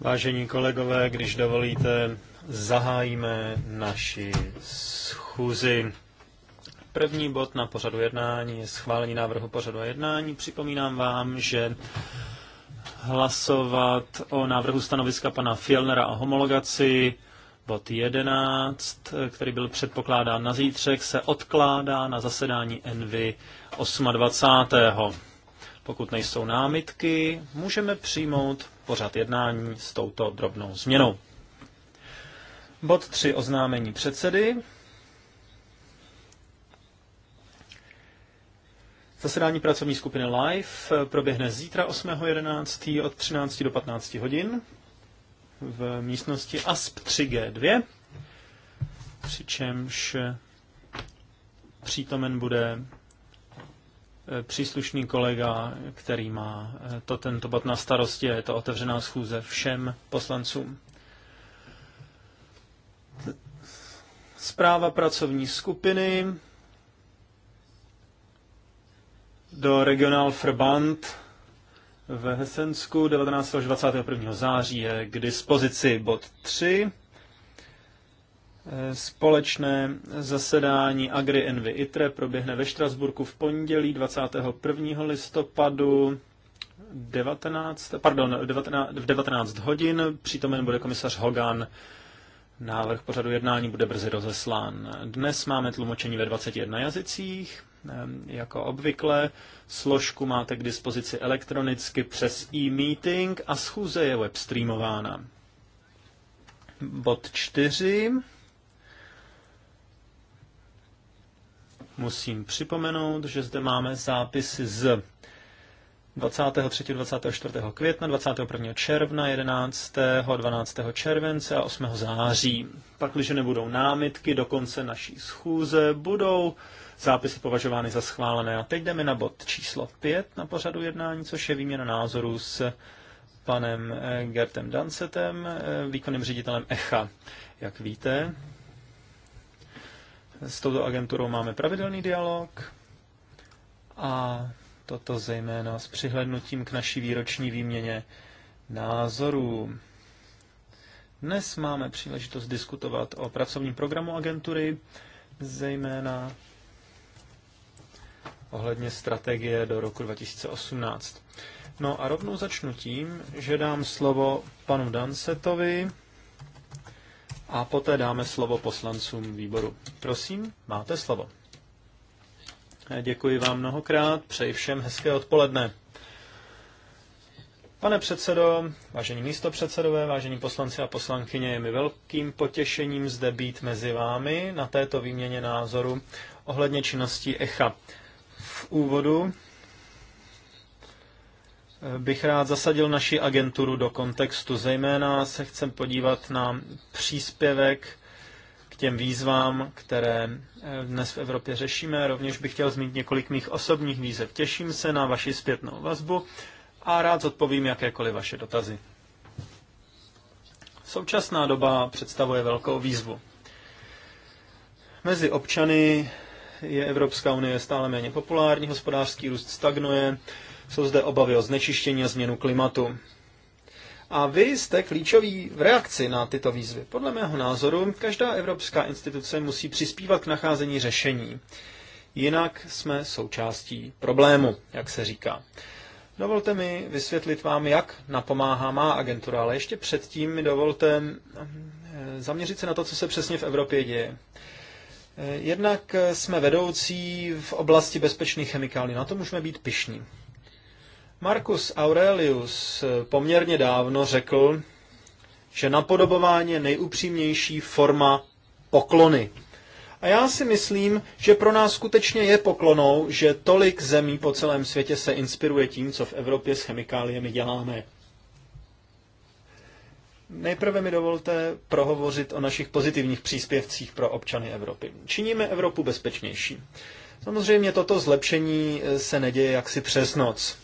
Vážení kolegové, když dovolíte, zahájíme naši schůzi. První bod na pořadu jednání je schválení návrhu pořadu jednání. Připomínám vám, že hlasovat o návrhu stanoviska pana Fielnera a homologaci bod 11, který byl předpokládán na zítřek, se odkládá na zasedání Envy 28. Pokud nejsou námitky, můžeme přijmout pořad jednání s touto drobnou změnou. Bod 3 oznámení předsedy. Zasedání pracovní skupiny LIVE proběhne zítra 8.11. od 13 do 15 hodin v místnosti ASP 3G2, přičemž přítomen bude Eh, příslušný kolega, eh, který má eh, to tento bod na starosti a je to otevřená schůze všem poslancům. Zpráva pracovní skupiny do Regional Verband ve Hesensku 19. až 21. září je k dispozici bod 3. Společné zasedání Agri Envy ITRE proběhne ve Štrasburku v pondělí 21. listopadu 19, pardon, 19, v 19 hodin. Přítomen bude komisař Hogan. Návrh pořadu jednání bude brzy rozeslán. Dnes máme tlumočení ve 21 jazycích. Ehm, jako obvykle složku máte k dispozici elektronicky přes e-meeting a schůze je webstreamována. Bod 4. Musím připomenout, že zde máme zápisy z 23. 24. května, 21. června, 11. 12. července a 8. září. Pak, když nebudou námitky do konce naší schůze, budou zápisy považovány za schválené. A teď jdeme na bod číslo 5 na pořadu jednání, což je výměna názoru s panem Gertem Dancetem, výkonným ředitelem ECHA. Jak víte, s touto agenturou máme pravidelný dialog a toto zejména s přihlednutím k naší výroční výměně názorů. Dnes máme příležitost diskutovat o pracovním programu agentury, zejména ohledně strategie do roku 2018. No a rovnou začnu tím, že dám slovo panu Dansetovi, a poté dáme slovo poslancům výboru. Prosím, máte slovo. Eh, děkuji vám mnohokrát, přeji všem hezké odpoledne. Pane předsedo, vážení místopředsedové, vážení poslanci a poslankyně, je mi velkým potěšením zde být mezi vámi na této výměně názoru ohledně činnosti ECHA. V úvodu bych rád zasadil naši agenturu do kontextu. Zejména se chcem podívat na příspěvek k těm výzvám, které eh, dnes v Evropě řešíme. Rovněž bych chtěl zmínit několik mých osobních výzev. Těším se na vaši zpětnou vazbu a rád odpovím jakékoliv vaše dotazy. Současná doba představuje velkou výzvu. Mezi občany je Evropská unie stále méně populární, hospodářský růst stagnuje, jsou zde obavy o znečištění a změnu klimatu. A vy jste klíčoví v reakci na tyto výzvy. Podle mého názoru každá evropská instituce musí přispívat k nacházení řešení. Jinak jsme součástí problému, jak se říká. Dovolte mi vysvětlit vám, jak napomáhá má agentura, ale ještě předtím mi dovolte eh, zaměřit se na to, co se přesně v Evropě děje. Eh, jednak jsme vedoucí v oblasti bezpečných chemikálií. na to můžeme být pišní. Marcus Aurelius poměrně dávno řekl, že napodobování je nejupřímnější forma poklony. A já si myslím, že pro nás skutečně je poklonou, že tolik zemí po celém světě se inspiruje tím, co v Evropě s chemikáliemi děláme. Nejprve mi dovolte prohovořit o našich pozitivních příspěvcích pro občany Evropy. Činíme Evropu bezpečnější. Samozřejmě toto zlepšení se neděje jaksi přes noc.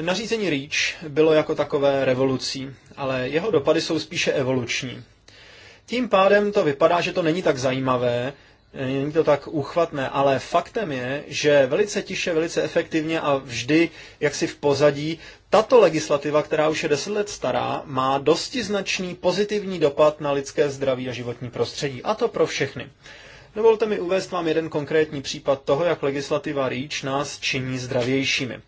Nařízení REACH bylo jako takové revolucí, ale jeho dopady jsou spíše evoluční. Tím pádem to vypadá, že to není tak zajímavé, není to tak úchvatné, ale faktem je, že velice tiše, velice efektivně a vždy jaksi v pozadí tato legislativa, která už je deset let stará, má dosti značný pozitivní dopad na lidské zdraví a životní prostředí. A to pro všechny. Dovolte mi uvést vám jeden konkrétní případ toho, jak legislativa REACH nás činí zdravějšími.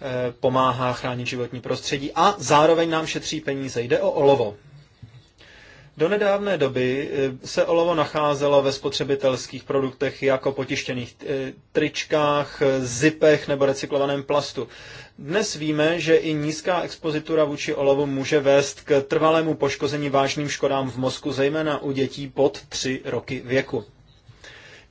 Eh, pomáhá chránit životní prostředí a zároveň nám šetří peníze. Jde o olovo. Do nedávné doby eh, se olovo nacházelo ve spotřebitelských produktech jako potištěných eh, tričkách, zipech nebo recyklovaném plastu. Dnes víme, že i nízká expozitura vůči olovu může vést k trvalému poškození vážným škodám v mozku, zejména u dětí pod 3 roky věku.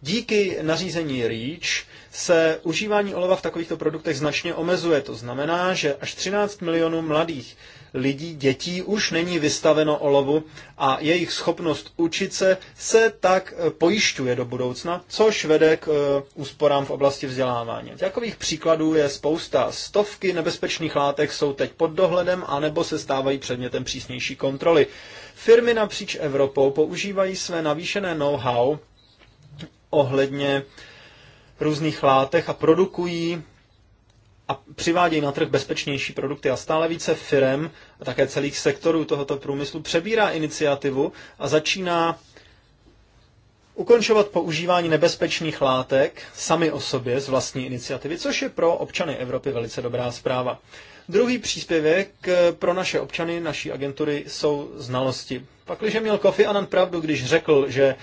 Díky nařízení REACH se užívání olova v takovýchto produktech značně omezuje. To znamená, že až 13 milionů mladých lidí, dětí už není vystaveno olovu a jejich schopnost učit se se tak eh, pojišťuje do budoucna, což vede k eh, úsporám v oblasti vzdělávání. Takových příkladů je spousta. Stovky nebezpečných látek jsou teď pod dohledem anebo se stávají předmětem přísnější kontroly. Firmy napříč Evropou používají své navýšené know-how ohledně různých látek a produkují a přivádějí na trh bezpečnější produkty a stále více firm, a také celých sektorů tohoto průmyslu přebírá iniciativu a začíná ukončovat používání nebezpečných látek sami o sobě z vlastní iniciativy, což je pro občany Evropy velice dobrá zpráva. Druhý příspěvek eh, pro naše občany, naší agentury, jsou znalosti. Pakliže měl Kofi Annan pravdu, když řekl, že eh,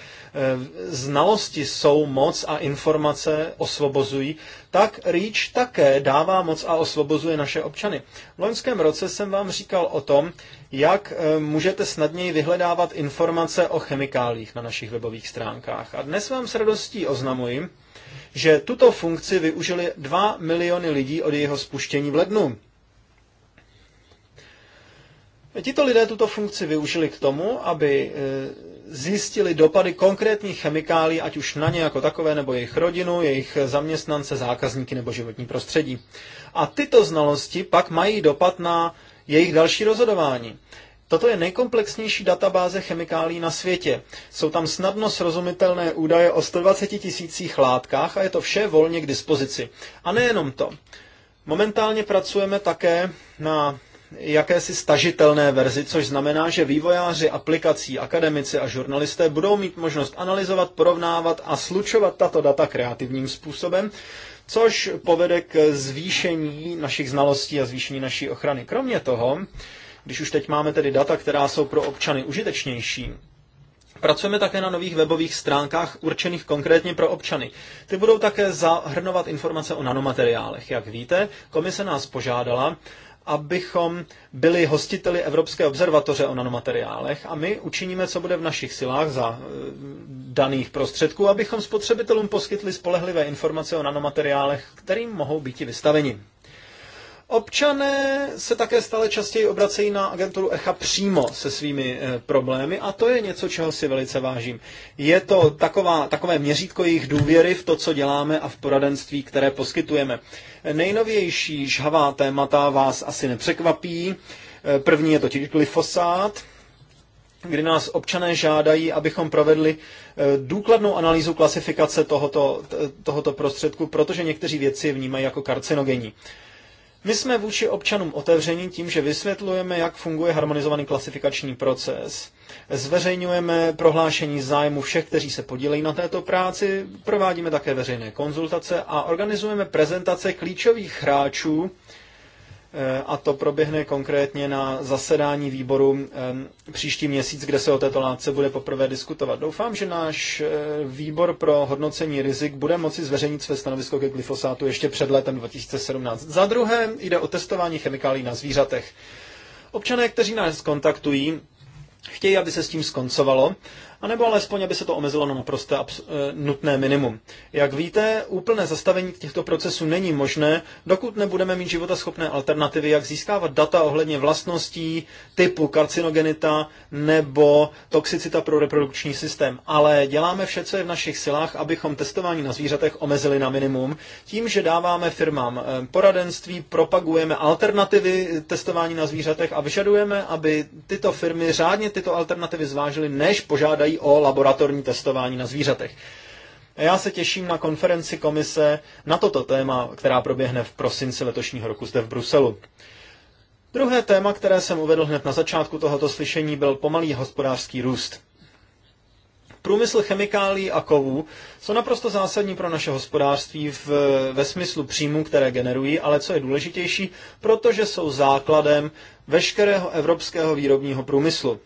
znalosti jsou moc a informace osvobozují, tak REACH také dává moc a osvobozuje naše občany. V loňském roce jsem vám říkal o tom, jak eh, můžete snadněji vyhledávat informace o chemikálích na našich webových stránkách. A dnes vám s radostí oznamuji, že tuto funkci využili 2 miliony lidí od jeho spuštění v lednu. Tito lidé tuto funkci využili k tomu, aby e, zjistili dopady konkrétních chemikálií, ať už na ně jako takové, nebo jejich rodinu, jejich zaměstnance, zákazníky nebo životní prostředí. A tyto znalosti pak mají dopad na jejich další rozhodování. Toto je nejkomplexnější databáze chemikálí na světě. Jsou tam snadno srozumitelné údaje o 120 tisících látkách a je to vše volně k dispozici. A nejenom to. Momentálně pracujeme také na jakési stažitelné verzi, což znamená, že vývojáři aplikací, akademici a žurnalisté budou mít možnost analyzovat, porovnávat a slučovat tato data kreativním způsobem, což povede k zvýšení našich znalostí a zvýšení naší ochrany. Kromě toho, když už teď máme tedy data, která jsou pro občany užitečnější, Pracujeme také na nových webových stránkách určených konkrétně pro občany. Ty budou také zahrnovat informace o nanomateriálech. Jak víte, komise nás požádala, abychom byli hostiteli Evropské observatoře o nanomateriálech a my učiníme, co bude v našich silách za eh, daných prostředků, abychom spotřebitelům poskytli spolehlivé informace o nanomateriálech, kterým mohou být i vystaveni. Občané se také stále častěji obracejí na agenturu ECHA přímo se svými eh, problémy a to je něco, čeho si velice vážím. Je to taková, takové měřítko jejich důvěry v to, co děláme a v poradenství, které poskytujeme. Nejnovější žhavá témata vás asi nepřekvapí. Eh, první je totiž glyfosát, kdy nás občané žádají, abychom provedli eh, důkladnou analýzu klasifikace tohoto, tohoto prostředku, protože někteří věci vnímají jako karcinogenní. My jsme vůči občanům otevření tím, že vysvětlujeme, jak funguje harmonizovaný klasifikační proces. Zveřejňujeme prohlášení zájmu všech, kteří se podílejí na této práci, provádíme také veřejné konzultace a organizujeme prezentace klíčových hráčů Eh, a to proběhne konkrétně na zasedání výboru příští měsíc, kde se o této látce bude poprvé diskutovat. Doufám, že náš eh, výbor pro hodnocení rizik bude moci zveřejnit své stanovisko ke glyfosátu ještě před letem 2017. Za druhé jde o testování chemikálí na zvířatech. Občané, kteří nás kontaktují, chtějí, aby se s tím skoncovalo anebo alespoň, aby se to omezilo na naprosté eh, nutné minimum. Jak víte, úplné zastavení těchto procesů není možné, dokud nebudeme mít životaschopné alternativy, jak získávat data ohledně vlastností, typu karcinogenita nebo toxicita pro reprodukční systém. Ale děláme vše, co je v našich silách, abychom testování na zvířatech omezili na minimum, tím, že dáváme firmám eh, poradenství, propagujeme alternativy testování na zvířatech a vyžadujeme, aby tyto firmy řádně tyto alternativy zvážily, než požádají žádají o laboratorní testování na zvířatech. A já se těším na konferenci komise na toto téma, která proběhne v prosinci letošního roku zde v Bruselu. Druhé téma, které jsem uvedl hned na začátku tohoto slyšení, byl pomalý hospodářský růst. Průmysl chemikálií a kovů jsou naprosto zásadní pro naše hospodářství v, ve smyslu příjmů, které generují, ale co je důležitější, protože jsou základem veškerého evropského výrobního průmyslu.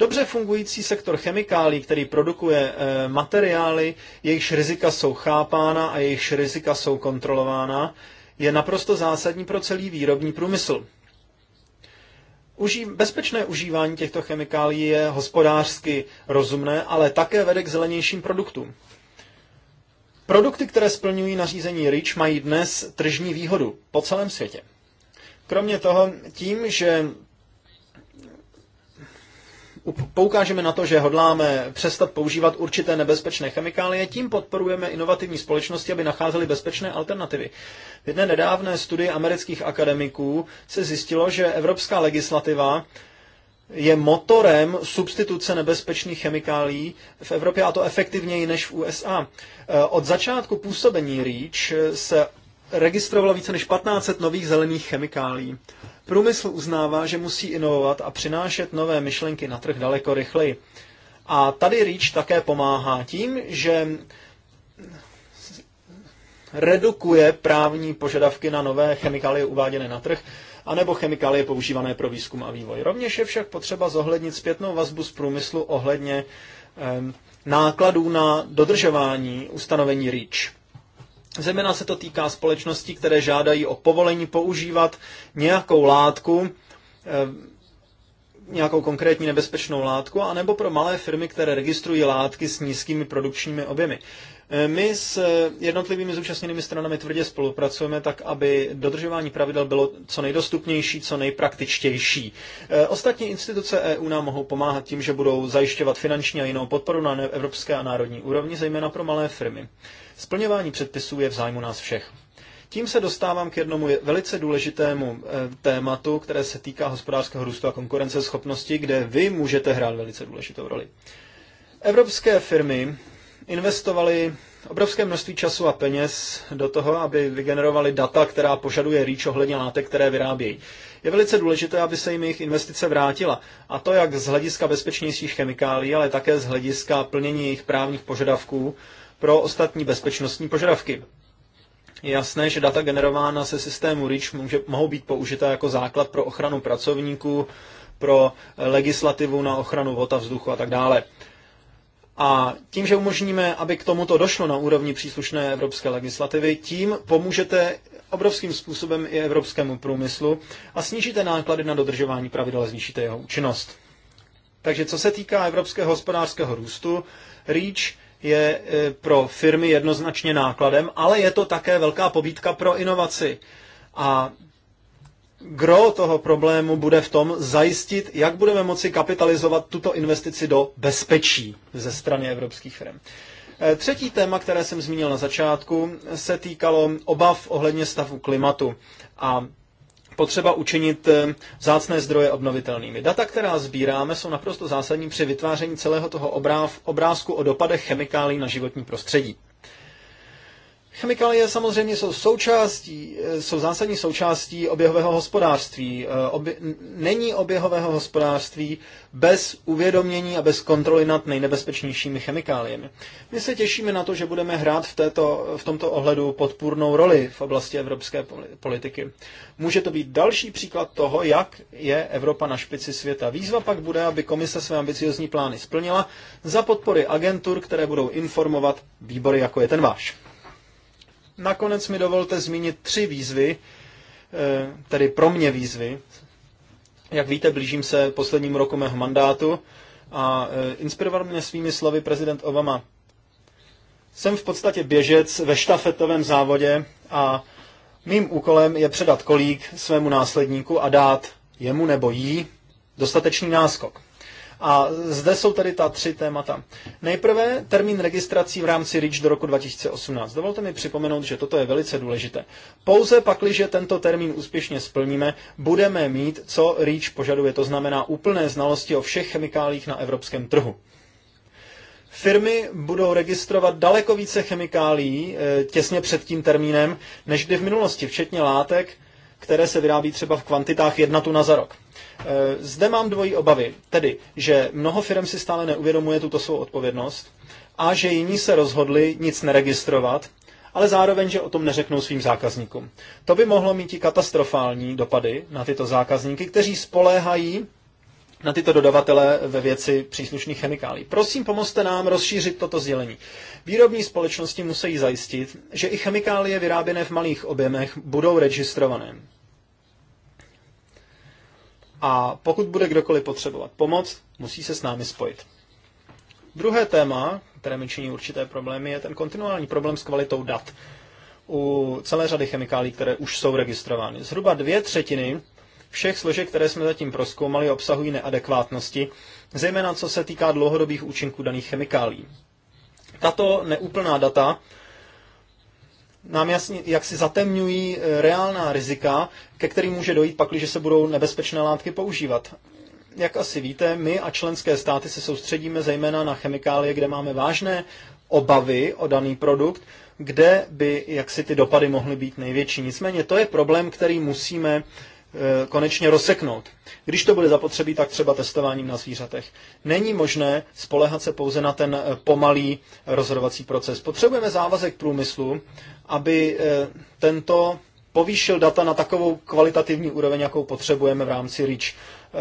Dobře fungující sektor chemikálí, který produkuje eh, materiály, jejichž rizika jsou chápána a jejichž rizika jsou kontrolována, je naprosto zásadní pro celý výrobní průmysl. Uží, bezpečné užívání těchto chemikálií je hospodářsky rozumné, ale také vede k zelenějším produktům. Produkty, které splňují nařízení REACH, mají dnes tržní výhodu po celém světě. Kromě toho, tím, že poukážeme na to, že hodláme přestat používat určité nebezpečné chemikálie, tím podporujeme inovativní společnosti, aby nacházely bezpečné alternativy. V jedné nedávné studii amerických akademiků se zjistilo, že evropská legislativa je motorem substituce nebezpečných chemikálí v Evropě a to efektivněji než v USA. Od začátku působení REACH se registrovala více než 1500 nových zelených chemikálií. Průmysl uznává, že musí inovovat a přinášet nové myšlenky na trh daleko rychleji. A tady REACH také pomáhá tím, že redukuje právní požadavky na nové chemikálie uváděné na trh, anebo chemikálie používané pro výzkum a vývoj. Rovněž je však potřeba zohlednit zpětnou vazbu z průmyslu ohledně eh, nákladů na dodržování ustanovení REACH. Zejména se to týká společností, které žádají o povolení používat nějakou látku, eh, nějakou konkrétní nebezpečnou látku, anebo pro malé firmy, které registrují látky s nízkými produkčními objemy. Eh, my s jednotlivými zúčastněnými stranami tvrdě spolupracujeme tak, aby dodržování pravidel bylo co nejdostupnější, co nejpraktičtější. Eh, ostatní instituce EU nám mohou pomáhat tím, že budou zajišťovat finanční a jinou podporu na evropské a národní úrovni, zejména pro malé firmy. Splňování předpisů je v zájmu nás všech. Tím se dostávám k jednomu velice důležitému eh, tématu, které se týká hospodářského růstu a konkurenceschopnosti, kde vy můžete hrát velice důležitou roli. Evropské firmy investovaly obrovské množství času a peněz do toho, aby vygenerovaly data, která požaduje REACH ohledně látek, které vyrábějí. Je velice důležité, aby se jim jejich investice vrátila. A to jak z hlediska bezpečnějších chemikálií, ale také z hlediska plnění jejich právních požadavků pro ostatní bezpečnostní požadavky. Je jasné, že data generována se systému REACH může, mohou být použita jako základ pro ochranu pracovníků, pro legislativu na ochranu vod a vzduchu a tak dále. A tím, že umožníme, aby k tomuto došlo na úrovni příslušné evropské legislativy, tím pomůžete obrovským způsobem i evropskému průmyslu a snížíte náklady na dodržování pravidel a zvýšíte jeho účinnost. Takže co se týká evropského hospodářského růstu, REACH je e, pro firmy jednoznačně nákladem, ale je to také velká pobídka pro inovaci. A gro toho problému bude v tom zajistit, jak budeme moci kapitalizovat tuto investici do bezpečí ze strany evropských firm. E, třetí téma, které jsem zmínil na začátku, se týkalo obav ohledně stavu klimatu. A potřeba učinit eh, zácné zdroje obnovitelnými. Data, která sbíráme, jsou naprosto zásadní při vytváření celého toho obrázku o dopadech chemikálí na životní prostředí. Chemikálie samozřejmě jsou součástí, eh, jsou zásadní součástí oběhového hospodářství. Eh, obě, není oběhového hospodářství bez uvědomění a bez kontroly nad nejnebezpečnějšími chemikáliemi. My se těšíme na to, že budeme hrát v, této, v tomto ohledu podpůrnou roli v oblasti evropské politiky. Může to být další příklad toho, jak je Evropa na špici světa. Výzva pak bude, aby komise své ambiciozní plány splnila za podpory agentur, které budou informovat výbory, jako je ten váš. Nakonec mi dovolte zmínit tři výzvy, eh, tedy pro mě výzvy. Jak víte, blížím se poslednímu roku mého mandátu a eh, inspiroval mě svými slovy prezident Obama. Jsem v podstatě běžec ve štafetovém závodě a mým úkolem je předat kolík svému následníku a dát jemu nebo jí dostatečný náskok. A zde jsou tedy ta tři témata. Nejprve termín registrací v rámci REACH do roku 2018. Dovolte mi připomenout, že toto je velice důležité. Pouze pakliže tento termín úspěšně splníme, budeme mít, co REACH požaduje, to znamená úplné znalosti o všech chemikálích na evropském trhu. Firmy budou registrovat daleko více chemikálií eh, těsně před tím termínem, než kdy v minulosti, včetně látek, které se vyrábí třeba v kvantitách jedna tuna za rok. E, zde mám dvojí obavy, tedy, že mnoho firm si stále neuvědomuje tuto svou odpovědnost a že jiní se rozhodli nic neregistrovat, ale zároveň, že o tom neřeknou svým zákazníkům. To by mohlo mít i katastrofální dopady na tyto zákazníky, kteří spoléhají na tyto dodavatele ve věci příslušných chemikálí. Prosím, pomozte nám rozšířit toto sdělení. Výrobní společnosti musí zajistit, že i chemikálie vyráběné v malých objemech budou registrované. A pokud bude kdokoliv potřebovat pomoc, musí se s námi spojit. Druhé téma, které mi činí určité problémy, je ten kontinuální problém s kvalitou dat u celé řady chemikálí, které už jsou registrovány. Zhruba dvě třetiny Všech složek, které jsme zatím proskoumali, obsahují neadekvátnosti, zejména co se týká dlouhodobých účinků daných chemikálií. Tato neúplná data nám jasně, jak si zatemňují eh, reálná rizika, ke kterým může dojít pak, když se budou nebezpečné látky používat. Jak asi víte, my a členské státy se soustředíme zejména na chemikálie, kde máme vážné obavy o daný produkt, kde by jaksi ty dopady mohly být největší. Nicméně to je problém, který musíme E, konečně rozseknout. Když to bude zapotřebí, tak třeba testováním na zvířatech. Není možné spolehat se pouze na ten e, pomalý rozhodovací proces. Potřebujeme závazek průmyslu, aby e, tento povýšil data na takovou kvalitativní úroveň, jakou potřebujeme v rámci REACH.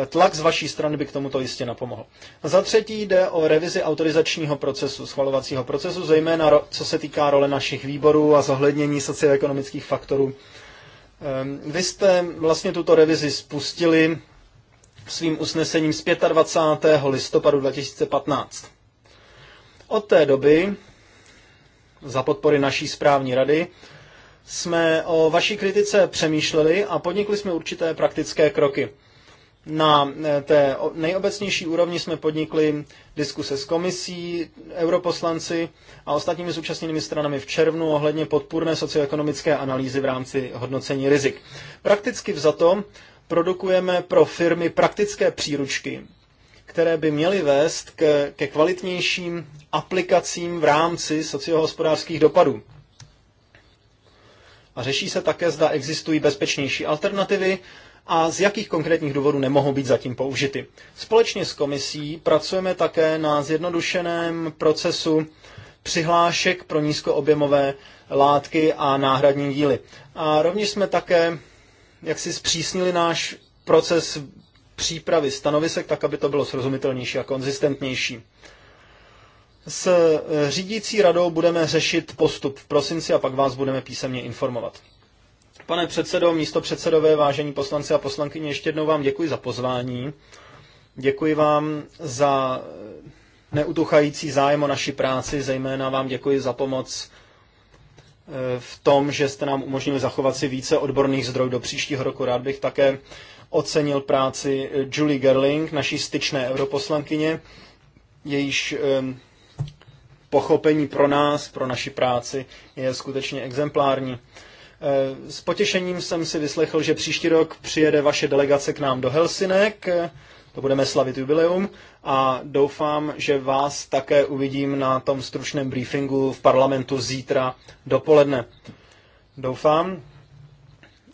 Tlak z vaší strany by k tomuto jistě napomohl. Za třetí jde o revizi autorizačního procesu, schvalovacího procesu, zejména co se týká role našich výborů a zohlednění socioekonomických faktorů Ehm, vy jste vlastně tuto revizi spustili svým usnesením z 25. listopadu 2015. Od té doby, za podpory naší správní rady, jsme o vaší kritice přemýšleli a podnikli jsme určité praktické kroky. Na eh, té nejobecnější úrovni jsme podnikli diskuse s komisí, europoslanci a ostatními zúčastněnými stranami v červnu ohledně podpůrné socioekonomické analýzy v rámci hodnocení rizik. Prakticky vzato produkujeme pro firmy praktické příručky, které by měly vést ke, ke kvalitnějším aplikacím v rámci sociohospodářských dopadů. A řeší se také, zda existují bezpečnější alternativy a z jakých konkrétních důvodů nemohou být zatím použity. Společně s komisí pracujeme také na zjednodušeném procesu přihlášek pro nízkoobjemové látky a náhradní díly. A rovněž jsme také jak si zpřísnili náš proces přípravy stanovisek, tak aby to bylo srozumitelnější a konzistentnější. S řídící radou budeme řešit postup v prosinci a pak vás budeme písemně informovat. Pane předsedo, místo předsedové, vážení poslanci a poslankyně, ještě jednou vám děkuji za pozvání. Děkuji vám za neutuchající zájem o naši práci, zejména vám děkuji za pomoc eh, v tom, že jste nám umožnili zachovat si více odborných zdrojů do příštího roku. Rád bych také ocenil práci Julie Gerling, naší styčné europoslankyně, jejíž eh, pochopení pro nás, pro naši práci je skutečně exemplární. Eh, s potěšením jsem si vyslechl, že příští rok přijede vaše delegace k nám do Helsinek, eh, to budeme slavit jubileum a doufám, že vás také uvidím na tom stručném briefingu v parlamentu zítra dopoledne. Doufám,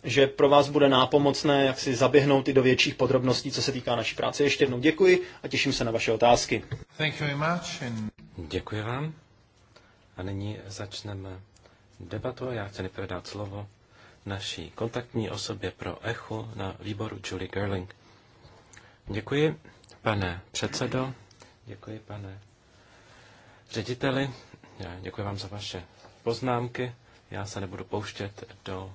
že pro vás bude nápomocné, jak si zaběhnout i do větších podrobností, co se týká naší práce. Ještě jednou děkuji a těším se na vaše otázky. Thank you very much and... Děkuji vám. A nyní začneme debatu. Já chci nejprve dát slovo naší kontaktní osobě pro ECHO na výboru Julie Gerling. Děkuji, pane předsedo. Děkuji, pane řediteli. Já děkuji vám za vaše poznámky. Já se nebudu pouštět do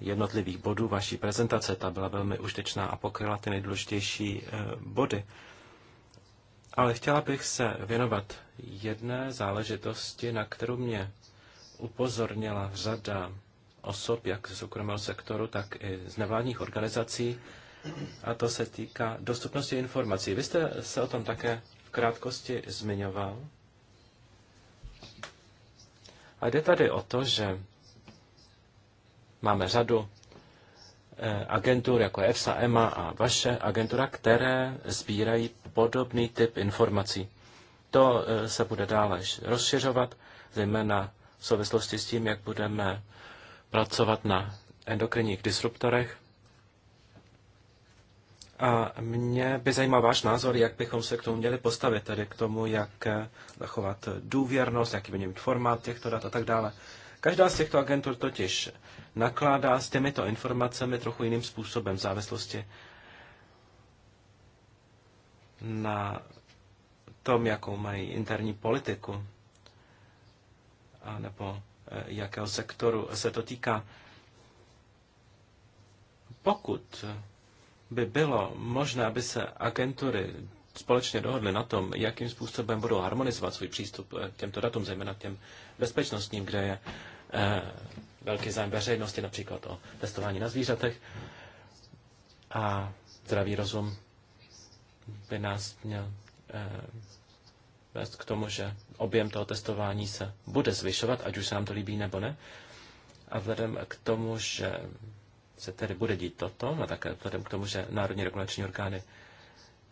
jednotlivých bodů vaší prezentace. Ta byla velmi užitečná a pokryla ty nejdůležitější eh, body. Ale chtěla bych se věnovat jedné záležitosti, na kterou mě upozornila řada osob, jak ze soukromého sektoru, tak i z nevládních organizací, a to se týká dostupnosti informací. Vy jste se o tom také v krátkosti zmiňoval. A jde tady o to, že máme řadu eh, agentur, jako je EFSA, EMA a vaše agentura, které sbírají podobný typ informací. To eh, se bude dále rozšiřovat, zejména v souvislosti s tím, jak budeme pracovat na endokrinních disruptorech. A mě by zajímal váš názor, jak bychom se k tomu měli postavit, tedy k tomu, jak eh, zachovat důvěrnost, jaký by měl být formát těchto dat a tak dále. Každá z těchto agentur totiž nakládá s těmito informacemi trochu jiným způsobem v závislosti na tom, jakou mají interní politiku nebo eh, jakého sektoru se to týká. Pokud by bylo možné, aby se agentury společně dohodly na tom, jakým způsobem budou harmonizovat svůj přístup eh, k těmto datům, zejména k těm bezpečnostním, kde je eh, velký zájem veřejnosti, například o testování na zvířatech. A zdravý rozum by nás měl vést k tomu, že objem toho testování se bude zvyšovat, ať už se nám to líbí nebo ne. A vzhledem k tomu, že se tedy bude dít toto, a no také vzhledem k tomu, že národní regulační orgány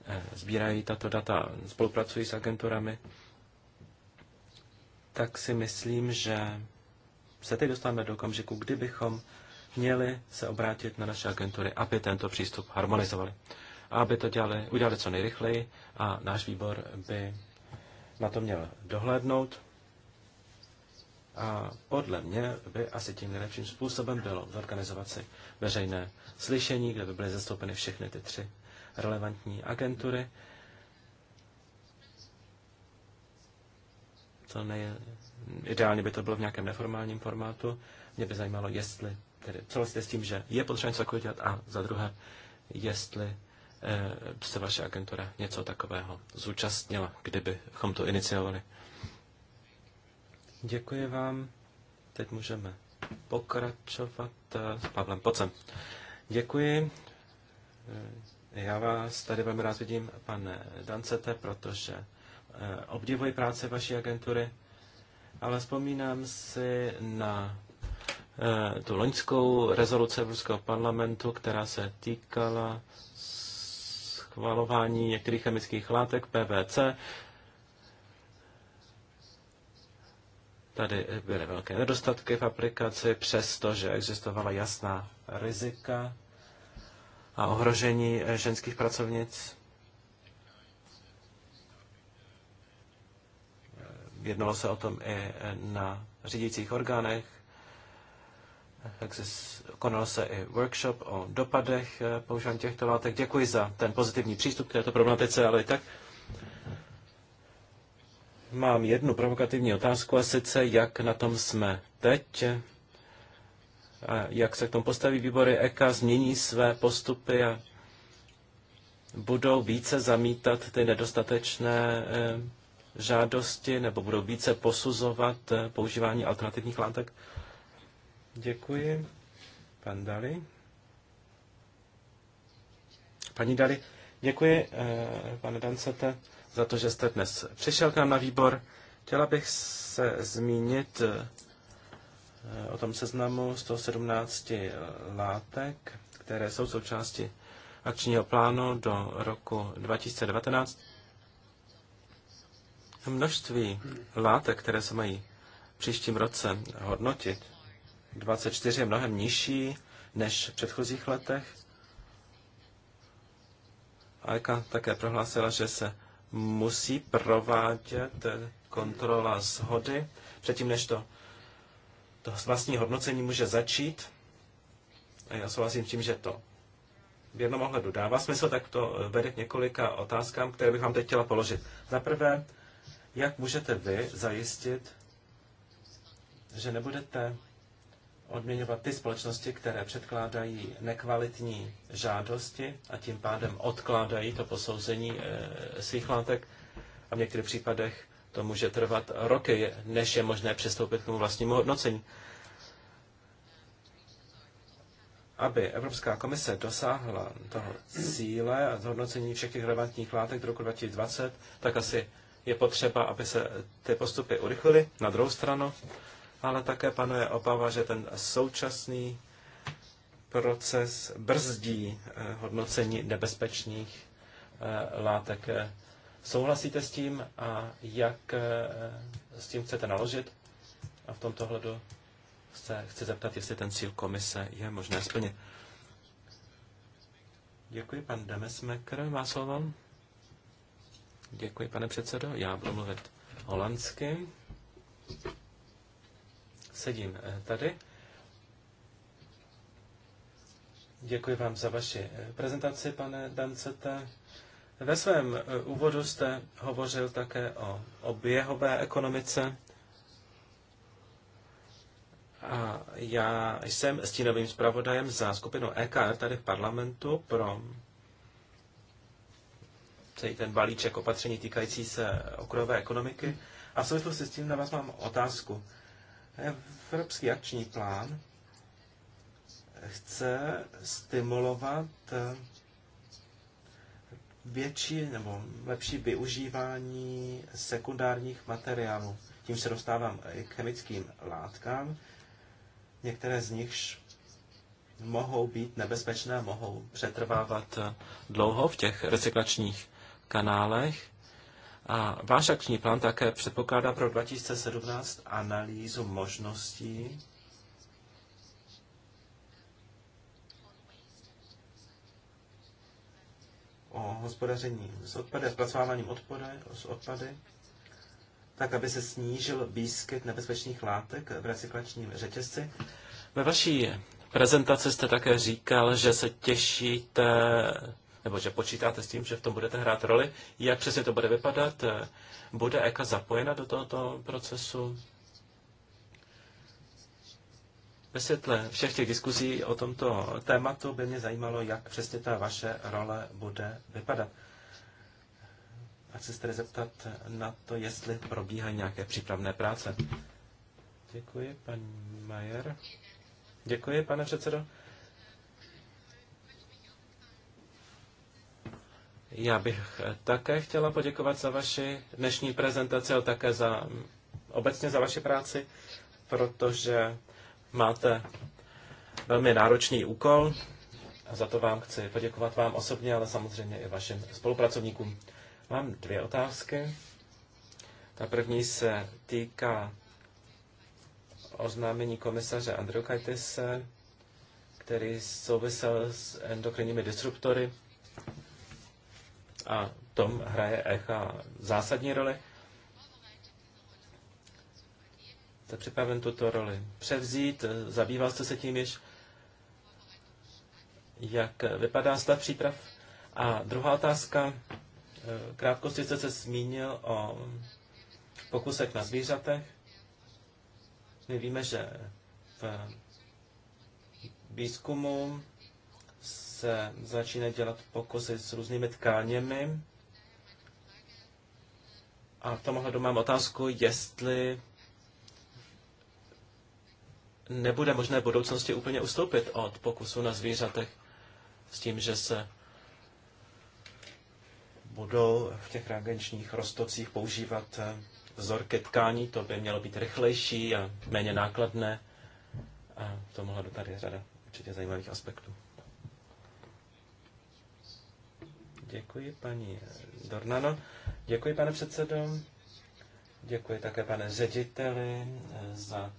eh, sbírají tato data, spolupracují s agenturami, tak si myslím, že se teď dostáváme do okamžiku, kdybychom měli se obrátit na naše agentury, aby tento přístup harmonizovali. A aby to dělali, udělali co nejrychleji a náš výbor by na to měl dohlédnout. A podle mě by asi tím nejlepším způsobem bylo zorganizovat si veřejné slyšení, kde by byly zastoupeny všechny ty tři relevantní agentury. To nej... Ideálně by to bylo v nějakém neformálním formátu. Mě by zajímalo, jestli, tedy vlastně s tím, že je potřeba něco dělat a za druhé, jestli Eh, se vaše agentura něco takového zúčastnila, kdybychom to iniciovali. Děkuji vám. Teď můžeme pokračovat eh, s Pavlem Pocem. Děkuji. Eh, já vás tady velmi rád vidím, pane Dancete, protože obdivuji práci vaší agentury, ale vzpomínám si na tu loňskou rezoluci Evropského parlamentu, která se týkala schvalování některých chemických látek PVC. Tady byly velké nedostatky v aplikaci, přestože existovala jasná rizika a ohrožení ženských pracovnic. Jednalo se o tom i na řídících orgánech konal se i workshop o dopadech eh, používání těchto látek. Děkuji za ten pozitivní přístup k této problematice, ale i tak mám jednu provokativní otázku a sice, jak na tom jsme teď a jak se k tomu postaví výbory EKA, změní své postupy a budou více zamítat ty nedostatečné eh, žádosti nebo budou více posuzovat eh, používání alternativních látek? Děkuji. Pan Dali. Paní Dali, děkuji, eh, pane Dancete, za to, že jste dnes přišel k nám na výbor. Chtěla bych se zmínit eh, o tom seznamu 117 eh, látek, které jsou součástí akčního plánu do roku 2019. Množství látek, které se mají příštím roce hodnotit, 24 je mnohem nižší než v předchozích letech. Ajka také prohlásila, že se musí provádět eh, kontrola shody předtím, než to, to vlastní hodnocení může začít. A já souhlasím s tím, že to v jednom ohledu dává smysl, tak to eh, vede k několika otázkám, které bych vám teď chtěla položit. Za prvé, jak můžete vy zajistit, že nebudete odměňovat ty společnosti, které předkládají nekvalitní žádosti a tím pádem odkládají to posouzení eh, svých látek. A v některých případech to může trvat roky, než je možné přistoupit k tomu vlastnímu hodnocení. Aby Evropská komise dosáhla toho cíle a zhodnocení všech těch relevantních látek do roku 2020, tak asi je potřeba, aby se ty postupy urychlily. Na druhou stranu, ale také panuje obava, že ten současný proces brzdí eh, hodnocení nebezpečných eh, látek. Souhlasíte s tím a jak eh, s tím chcete naložit? A v tomto hledu se chci zeptat, jestli ten cíl komise je možné splnit. Děkuji, pan Demesmekr má slovo. Děkuji, pane předsedo. Já budu mluvit holandsky sedím eh, tady. Děkuji vám za vaši eh, prezentaci, pane Dancete. Ve svém eh, úvodu jste hovořil také o oběhové ekonomice. A já jsem stínovým zpravodajem za skupinu EKR tady v parlamentu pro celý ten balíček opatření týkající se okrové ekonomiky. A v souvislosti s tím na vás mám otázku. Evropský akční plán chce stimulovat eh, větší nebo lepší využívání sekundárních materiálů. Tím se dostávám k chemickým látkám. Některé z nich mohou být nebezpečné, mohou přetrvávat eh, dlouho v těch recyklačních kanálech. A váš akční plán také předpokládá pro 2017 analýzu možností o hospodaření s odpady a zpracováváním odpady, s odpady, tak aby se snížil výskyt nebezpečných látek v recyklačním řetězci. Ve vaší prezentaci jste také říkal, že se těšíte nebo že počítáte s tím, že v tom budete hrát roli. Jak přesně to bude vypadat? Eh, bude EKA zapojena do tohoto procesu? Ve světle všech těch diskuzí o tomto tématu by mě zajímalo, jak přesně ta vaše role bude vypadat. A chci se tedy zeptat na to, jestli probíhají nějaké přípravné práce. Děkuji, paní Majer. Děkuji, pane předsedo. Já bych také chtěla poděkovat za vaši dnešní prezentaci a také za, obecně za vaši práci, protože máte velmi náročný úkol. A za to vám chci poděkovat vám osobně, ale samozřejmě i vašim spolupracovníkům. Mám dvě otázky. Ta první se týká oznámení komisaře Andrew Kajtise, který souvisel s endokrinními disruptory a tom hraje ECHA zásadní roli. Jste připraven tuto roli převzít? Zabýval jste se tím již? Jak vypadá stav příprav? A druhá otázka. Eh, krátkosti jste se zmínil o pokusech na zvířatech. My víme, že v výzkumu se začínají dělat pokusy s různými tkáněmi. A v tomhle ohledu mám otázku, jestli nebude možné v budoucnosti úplně ustoupit od pokusu na zvířatech s tím, že se budou v těch reagenčních roztocích používat eh, vzorky tkání, to by mělo být rychlejší a méně nákladné. A v tomhle ohledu tady je řada určitě zajímavých aspektů. Děkuji, paní Dornano. Děkuji, pane předsedo. Děkuji také, pane řediteli, za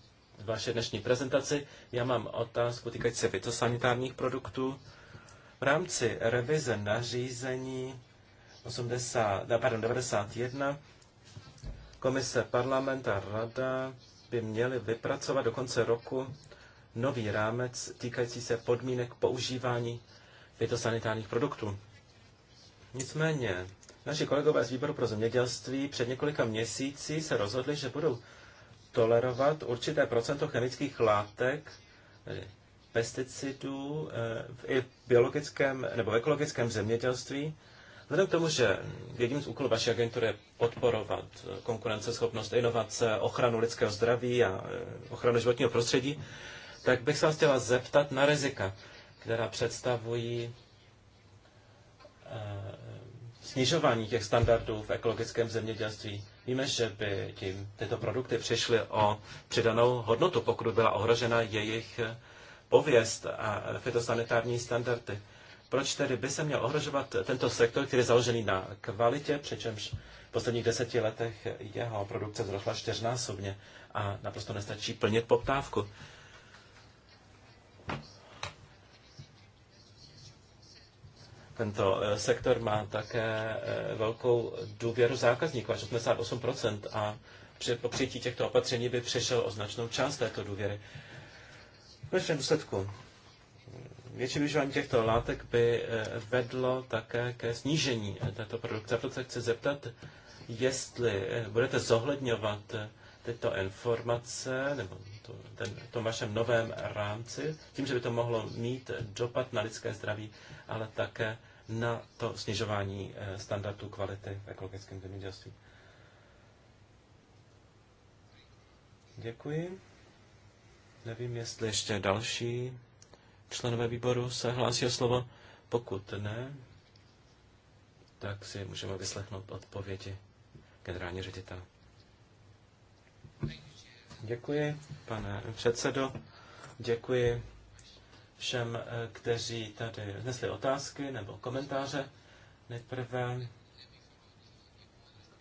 vaše dnešní prezentaci. Já mám otázku týkající se fitosanitárních produktů. V rámci revize nařízení 80, pardon, 91 komise parlament a rada by měly vypracovat do konce roku nový rámec týkající se podmínek používání fitosanitárních produktů. Nicméně naši kolegové z výboru pro zemědělství před několika měsíci se rozhodli, že budou tolerovat určité procento chemických látek, pesticidů eh, i v biologickém nebo v ekologickém zemědělství. Vzhledem k tomu, že jedním z úkolů vaší agentury je podporovat konkurenceschopnost, inovace, ochranu lidského zdraví a eh, ochranu životního prostředí, tak bych se vás chtěla zeptat na rizika, která představují eh, snižování těch standardů v ekologickém zemědělství. Víme, že by tím tyto produkty přišly o přidanou hodnotu, pokud byla ohrožena jejich eh, pověst a fitosanitární standardy. Proč tedy by se měl ohrožovat tento sektor, který je založený na kvalitě, přičemž v posledních deseti letech jeho produkce vzrostla čtyřnásobně a naprosto nestačí plnit poptávku? Tento eh, sektor má také eh, velkou důvěru zákazníků, až 88%, a při, přijetí těchto opatření by přešel o značnou část této důvěry. V konečném důsledku větší využívání těchto látek by eh, vedlo také ke snížení této produkce. Proto se chci zeptat, jestli budete zohledňovat tyto informace, nebo to, ten, tom vašem novém rámci, tím, že by to mohlo mít dopad na lidské zdraví, ale také na to snižování eh, standardů kvality v ekologickém zemědělství. Děkuji. Nevím, jestli ještě další členové výboru se hlásí o slovo. Pokud ne, tak si můžeme vyslechnout odpovědi generální ředitele. Děkuji, pane předsedo. Děkuji všem, eh, kteří tady vznesli otázky nebo komentáře. Nejprve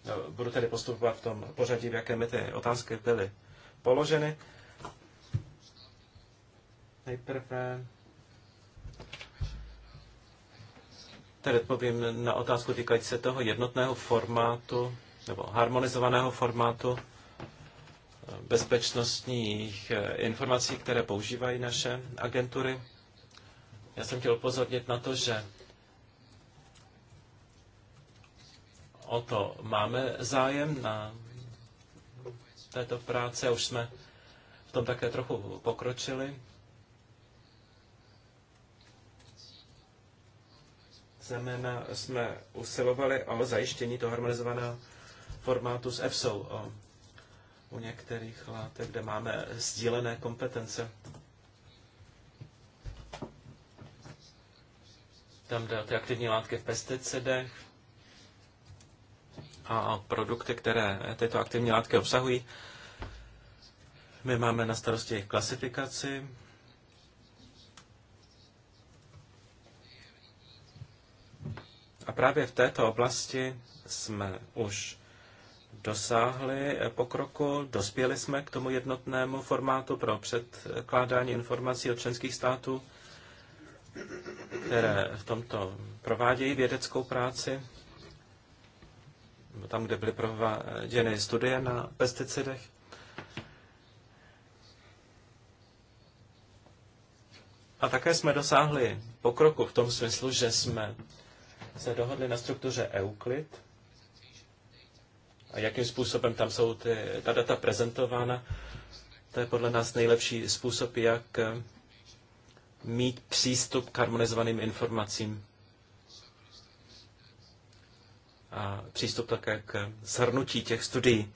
no, budu tedy postupovat v tom pořadí, v jakém ty otázky byly položeny. Nejprve tedy odpovím na otázku týkající se toho jednotného formátu nebo harmonizovaného formátu bezpečnostních eh, informací, které používají naše agentury. Já jsem chtěl upozornit na to, že o to máme zájem na této práce. Už jsme v tom také trochu pokročili. Znamená, jsme usilovali o zajištění toho harmonizovaného formátu s EFSO, o u některých látek, kde máme sdílené kompetence. Tam jde o ty aktivní látky v pesticidech a produkty, které tyto aktivní látky obsahují. My máme na starosti jejich klasifikaci, A právě v této oblasti jsme už dosáhli eh, pokroku, dospěli jsme k tomu jednotnému formátu pro předkládání informací od členských států, které v tomto provádějí vědeckou práci, tam, kde byly prováděny studie na pesticidech. A také jsme dosáhli pokroku v tom smyslu, že jsme se dohodli na struktuře Euclid, a jakým způsobem tam jsou ty, ta data prezentována. To je podle nás nejlepší způsob, jak eh, mít přístup k harmonizovaným informacím a přístup také k shrnutí těch studií.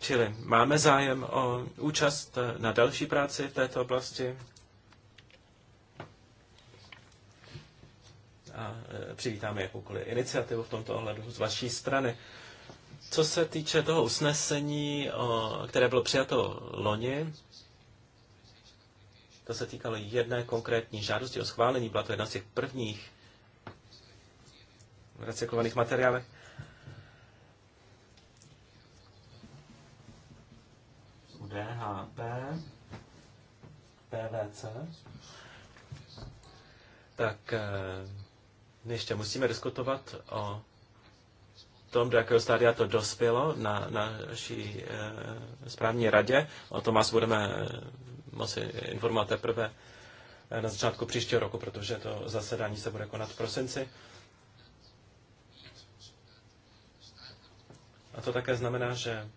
Čili máme zájem o účast na další práci v této oblasti. a e, přivítáme jakoukoliv iniciativu v tomto ohledu z vaší strany. Co se týče toho usnesení, které bylo přijato loni, to se týkalo jedné konkrétní žádosti o schválení, byla to jedna z těch prvních recyklovaných materiálech. DHP, PVC, tak e, my ještě musíme diskutovat o tom, do jakého stádia to dospělo na, na naší e, správní radě. O tom vás budeme eh, moci informovat teprve eh, na začátku příštího roku, protože to zasedání se bude konat v prosinci. A to také znamená, že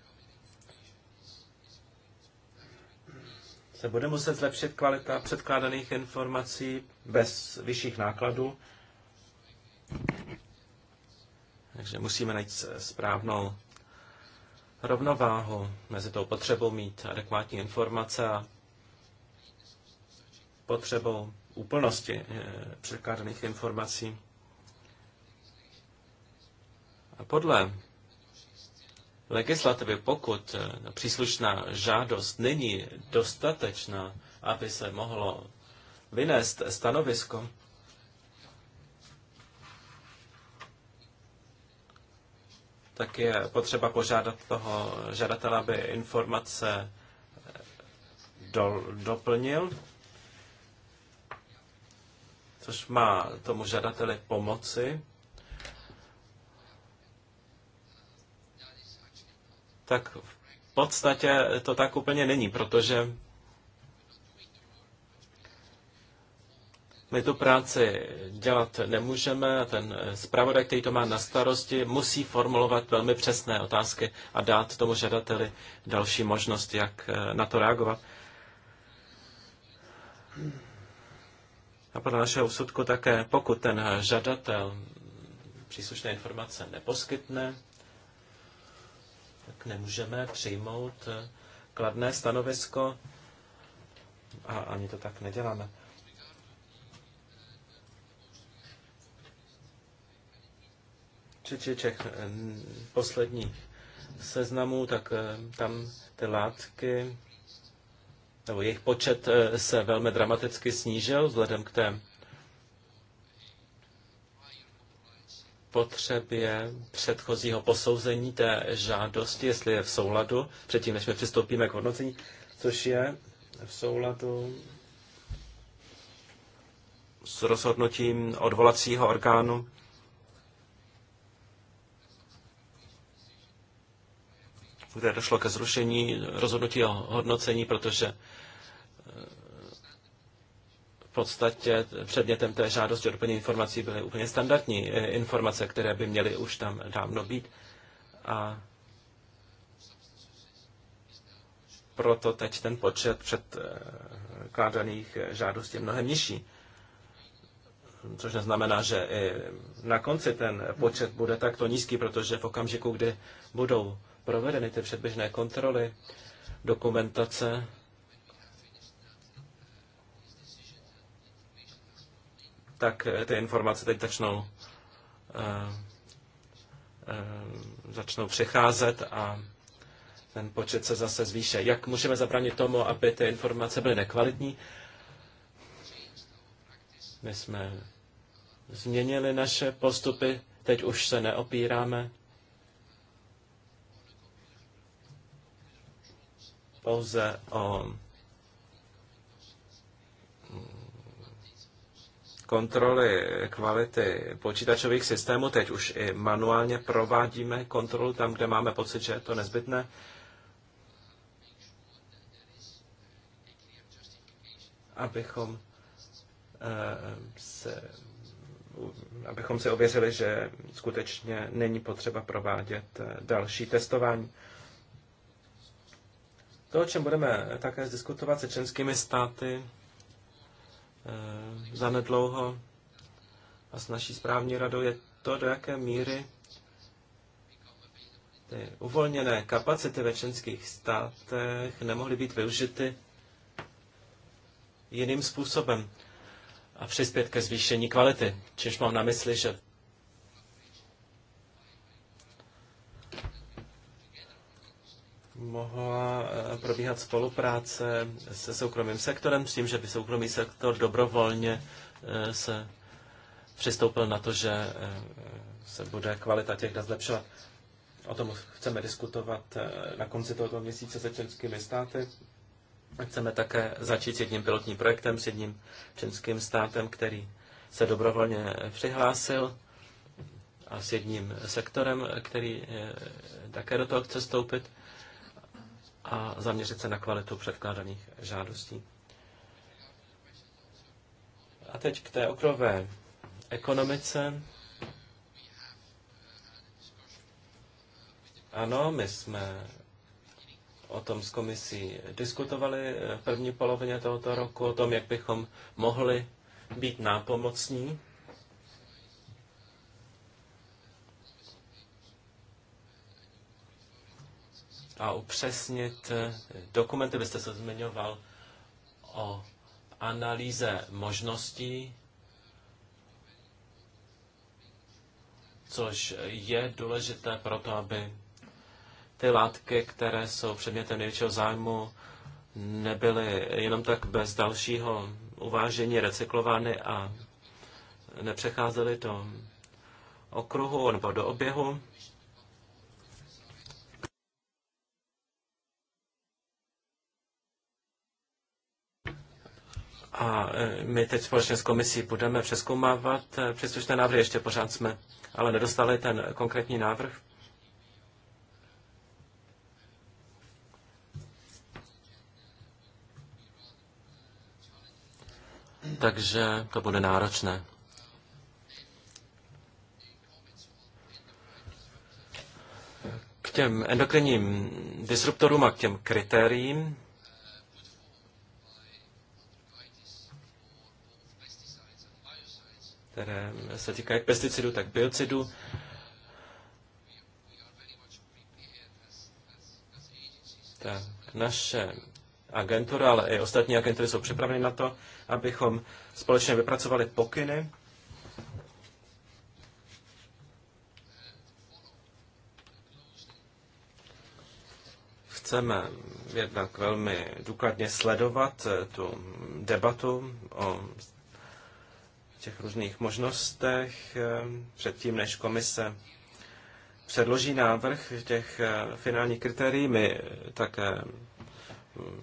se bude muset zlepšit kvalita předkládaných informací bez vyšších nákladů. Takže musíme najít správnou rovnováhu mezi tou potřebou mít adekvátní informace a potřebou úplnosti eh, překládaných informací. A podle legislativy, pokud eh, příslušná žádost není dostatečná, aby se mohlo vynést stanovisko, tak je potřeba požádat toho žadatele, aby informace eh, do, doplnil, což má tomu žadateli pomoci. Tak v podstatě to tak úplně není, protože My tu práci dělat nemůžeme a ten zpravodaj, který to má na starosti, musí formulovat velmi přesné otázky a dát tomu žadateli další možnost, jak eh, na to reagovat. A podle našeho úsudku také, pokud ten žadatel příslušné informace neposkytne, tak nemůžeme přijmout eh, kladné stanovisko a ani to tak neděláme. přečeček eh, posledních seznamů, tak eh, tam ty látky nebo jejich počet eh, se velmi dramaticky snížil vzhledem k té potřebě předchozího posouzení té žádosti, jestli je v souladu, předtím, než my přistoupíme k hodnocení, což je v souladu s rozhodnutím odvolacího orgánu kde došlo ke zrušení rozhodnutí o hodnocení, protože eh, v podstatě předmětem té žádosti o doplnění informací byly úplně standardní eh, informace, které by měly už tam dávno být. A proto teď ten počet předkládaných eh, žádostí je mnohem nižší. Což neznamená, že i na konci ten počet bude takto nízký, protože v okamžiku, kdy budou provedeny ty předběžné kontroly, dokumentace. Tak eh, ty informace teď začnou, eh, eh, začnou přicházet a ten počet se zase zvýše. Jak můžeme zabránit tomu, aby ty informace byly nekvalitní? My jsme změnili naše postupy, teď už se neopíráme pouze o kontroly kvality počítačových systémů. Teď už i manuálně provádíme kontrolu tam, kde máme pocit, že je to nezbytné. Abychom eh, se, abychom si ověřili, že skutečně není potřeba provádět eh, další testování. To, o čem budeme také diskutovat se členskými státy e, zanedlouho a s naší správní radou, je to, do jaké míry ty uvolněné kapacity ve členských státech nemohly být využity jiným způsobem a přispět ke zvýšení kvality. Čímž mám na mysli, že mohla eh, probíhat spolupráce se soukromým sektorem s tím, že by soukromý sektor dobrovolně eh, se přistoupil na to, že eh, se bude kvalita těch dat zlepšovat. O tom chceme diskutovat na konci tohoto měsíce se členskými státy. Chceme také začít s jedním pilotním projektem, s jedním členským státem, který se dobrovolně přihlásil a s jedním sektorem, který také do toho chce stoupit a zaměřit se na kvalitu předkládaných žádostí. A teď k té okrové ekonomice. Ano, my jsme o tom s komisí diskutovali v první polovině tohoto roku, o tom, jak bychom mohli být nápomocní a upřesnit eh, dokumenty. Vy jste se zmiňoval o analýze možností, což je důležité pro to, aby ty látky, které jsou předmětem největšího zájmu, nebyly jenom tak bez dalšího uvážení recyklovány a nepřecházely do okruhu nebo do oběhu. A e, my teď společně s komisí budeme přeskoumávat e, příslušné návrhy, ještě pořád jsme ale nedostali ten konkrétní návrh. Takže to bude náročné. K těm endokrinním disruptorům a k těm kritériím které se týkají pesticidů, tak biocidů. Tak naše agentura, ale i ostatní agentury jsou připraveny na to, abychom společně vypracovali pokyny, chceme jednak velmi důkladně sledovat eh, tu debatu o těch různých možnostech eh, předtím, než komise předloží návrh těch eh, finálních kritérií. My také mm,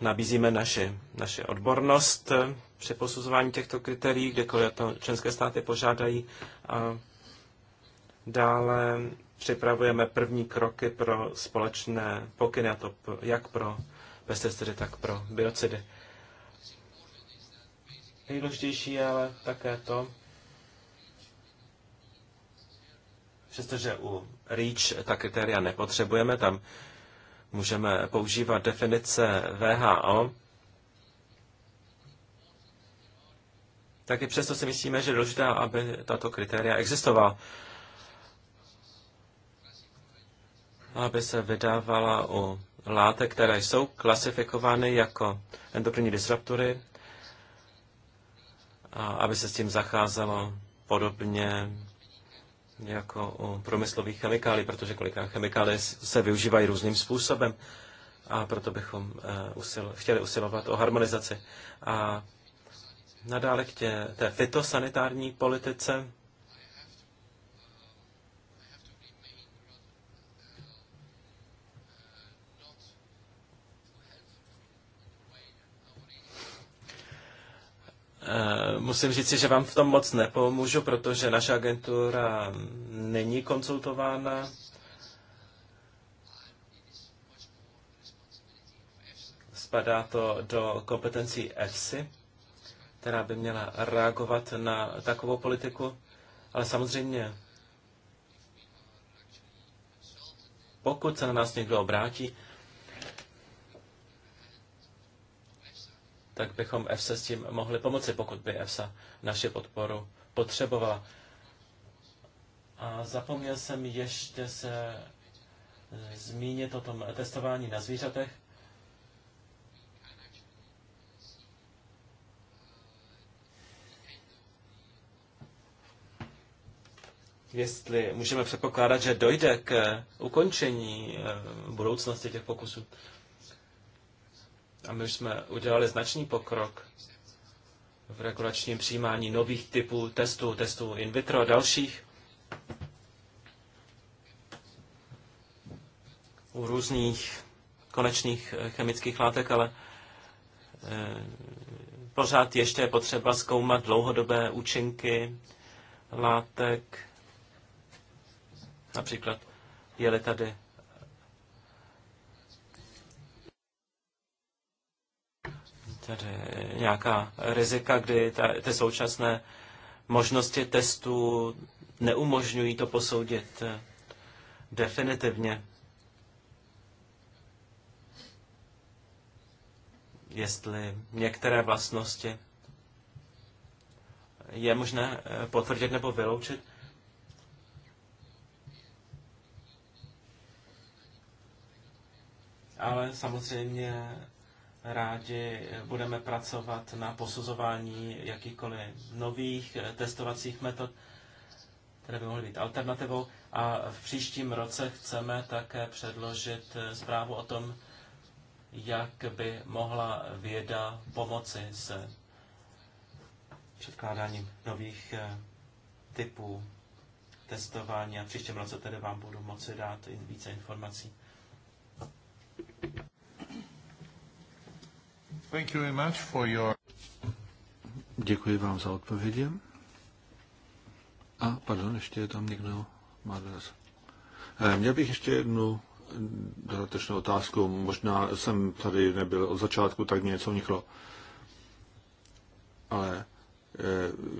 nabízíme naši, naši odbornost eh, při posuzování těchto kritérií, kdekoliv to členské státy požádají. A dále připravujeme první kroky pro společné pokyny, a to jak pro pesticidy, tak pro biocidy. Nejdůležitější je ale také to, přestože u REACH ta kritéria nepotřebujeme, tam můžeme používat definice VHO, tak i přesto si myslíme, že je důležité, aby tato kritéria existovala. Aby se vydávala u látek, které jsou klasifikovány jako endokrinní disruptory, aby se s tím zacházelo podobně jako u průmyslových chemikálí, protože kolikrát chemikálie se využívají různým způsobem a proto bychom eh, usil, chtěli usilovat o harmonizaci. A nadále k tě, té fitosanitární politice, Eh, musím říct, že vám v tom moc nepomůžu, protože naše agentura není konzultována. Spadá to do kompetencí EFSI, která by měla reagovat na takovou politiku, ale samozřejmě pokud se na nás někdo obrátí, tak bychom EFSA s tím mohli pomoci, pokud by EFSA naši podporu potřebovala. A zapomněl jsem ještě se zmínit o tom testování na zvířatech. Jestli můžeme předpokládat, že dojde k ukončení eh, budoucnosti těch pokusů. A my jsme udělali značný pokrok v regulačním přijímání nových typů testů, testů in vitro a dalších. U různých konečných eh, chemických látek, ale eh, pořád ještě je potřeba zkoumat dlouhodobé účinky látek. Například je-li tady tedy nějaká rizika, kdy ta, ty současné možnosti testů neumožňují to posoudit eh, definitivně. Jestli některé vlastnosti je možné eh, potvrdit nebo vyloučit. Ale samozřejmě Rádi budeme pracovat na posuzování jakýchkoliv nových eh, testovacích metod, které by mohly být alternativou. A v příštím roce chceme také předložit eh, zprávu o tom, jak by mohla věda pomoci s předkládáním nových eh, typů testování a v příštím roce tedy vám budu moci dát více informací. Thank you very much for your... Děkuji vám za odpovědi. A pardon, ještě je tam někdo? Má dnes. Eh, měl bych ještě jednu dodatečnou otázku. Možná jsem tady nebyl od začátku, tak mě něco vniklo. Ale eh,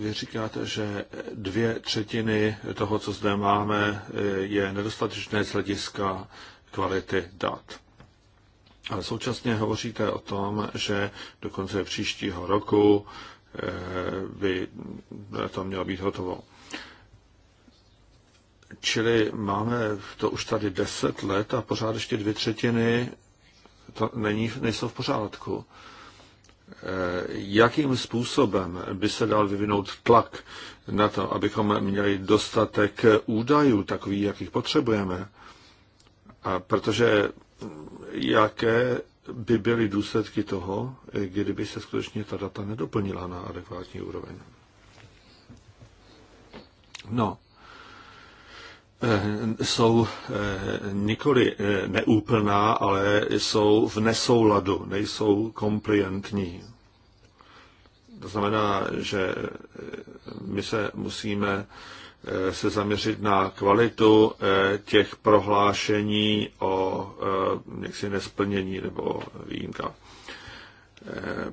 vy říkáte, že dvě třetiny toho, co zde máme, eh, je nedostatečné z hlediska kvality dat. Ale současně hovoříte o tom, že do konce příštího roku eh, by to mělo být hotovo. Čili máme to už tady deset let a pořád ještě dvě třetiny to není, nejsou v pořádku. Eh, jakým způsobem by se dal vyvinout tlak na to, abychom měli dostatek údajů, takových, jakých potřebujeme? A protože jaké by byly důsledky toho, kdyby se skutečně ta data nedoplnila na adekvátní úroveň. No, eh, jsou eh, nikoli eh, neúplná, ale jsou v nesouladu, nejsou komplientní. To znamená, že my se musíme Eh, se zaměřit na kvalitu eh, těch prohlášení o eh, jaksi nesplnění nebo výjimka,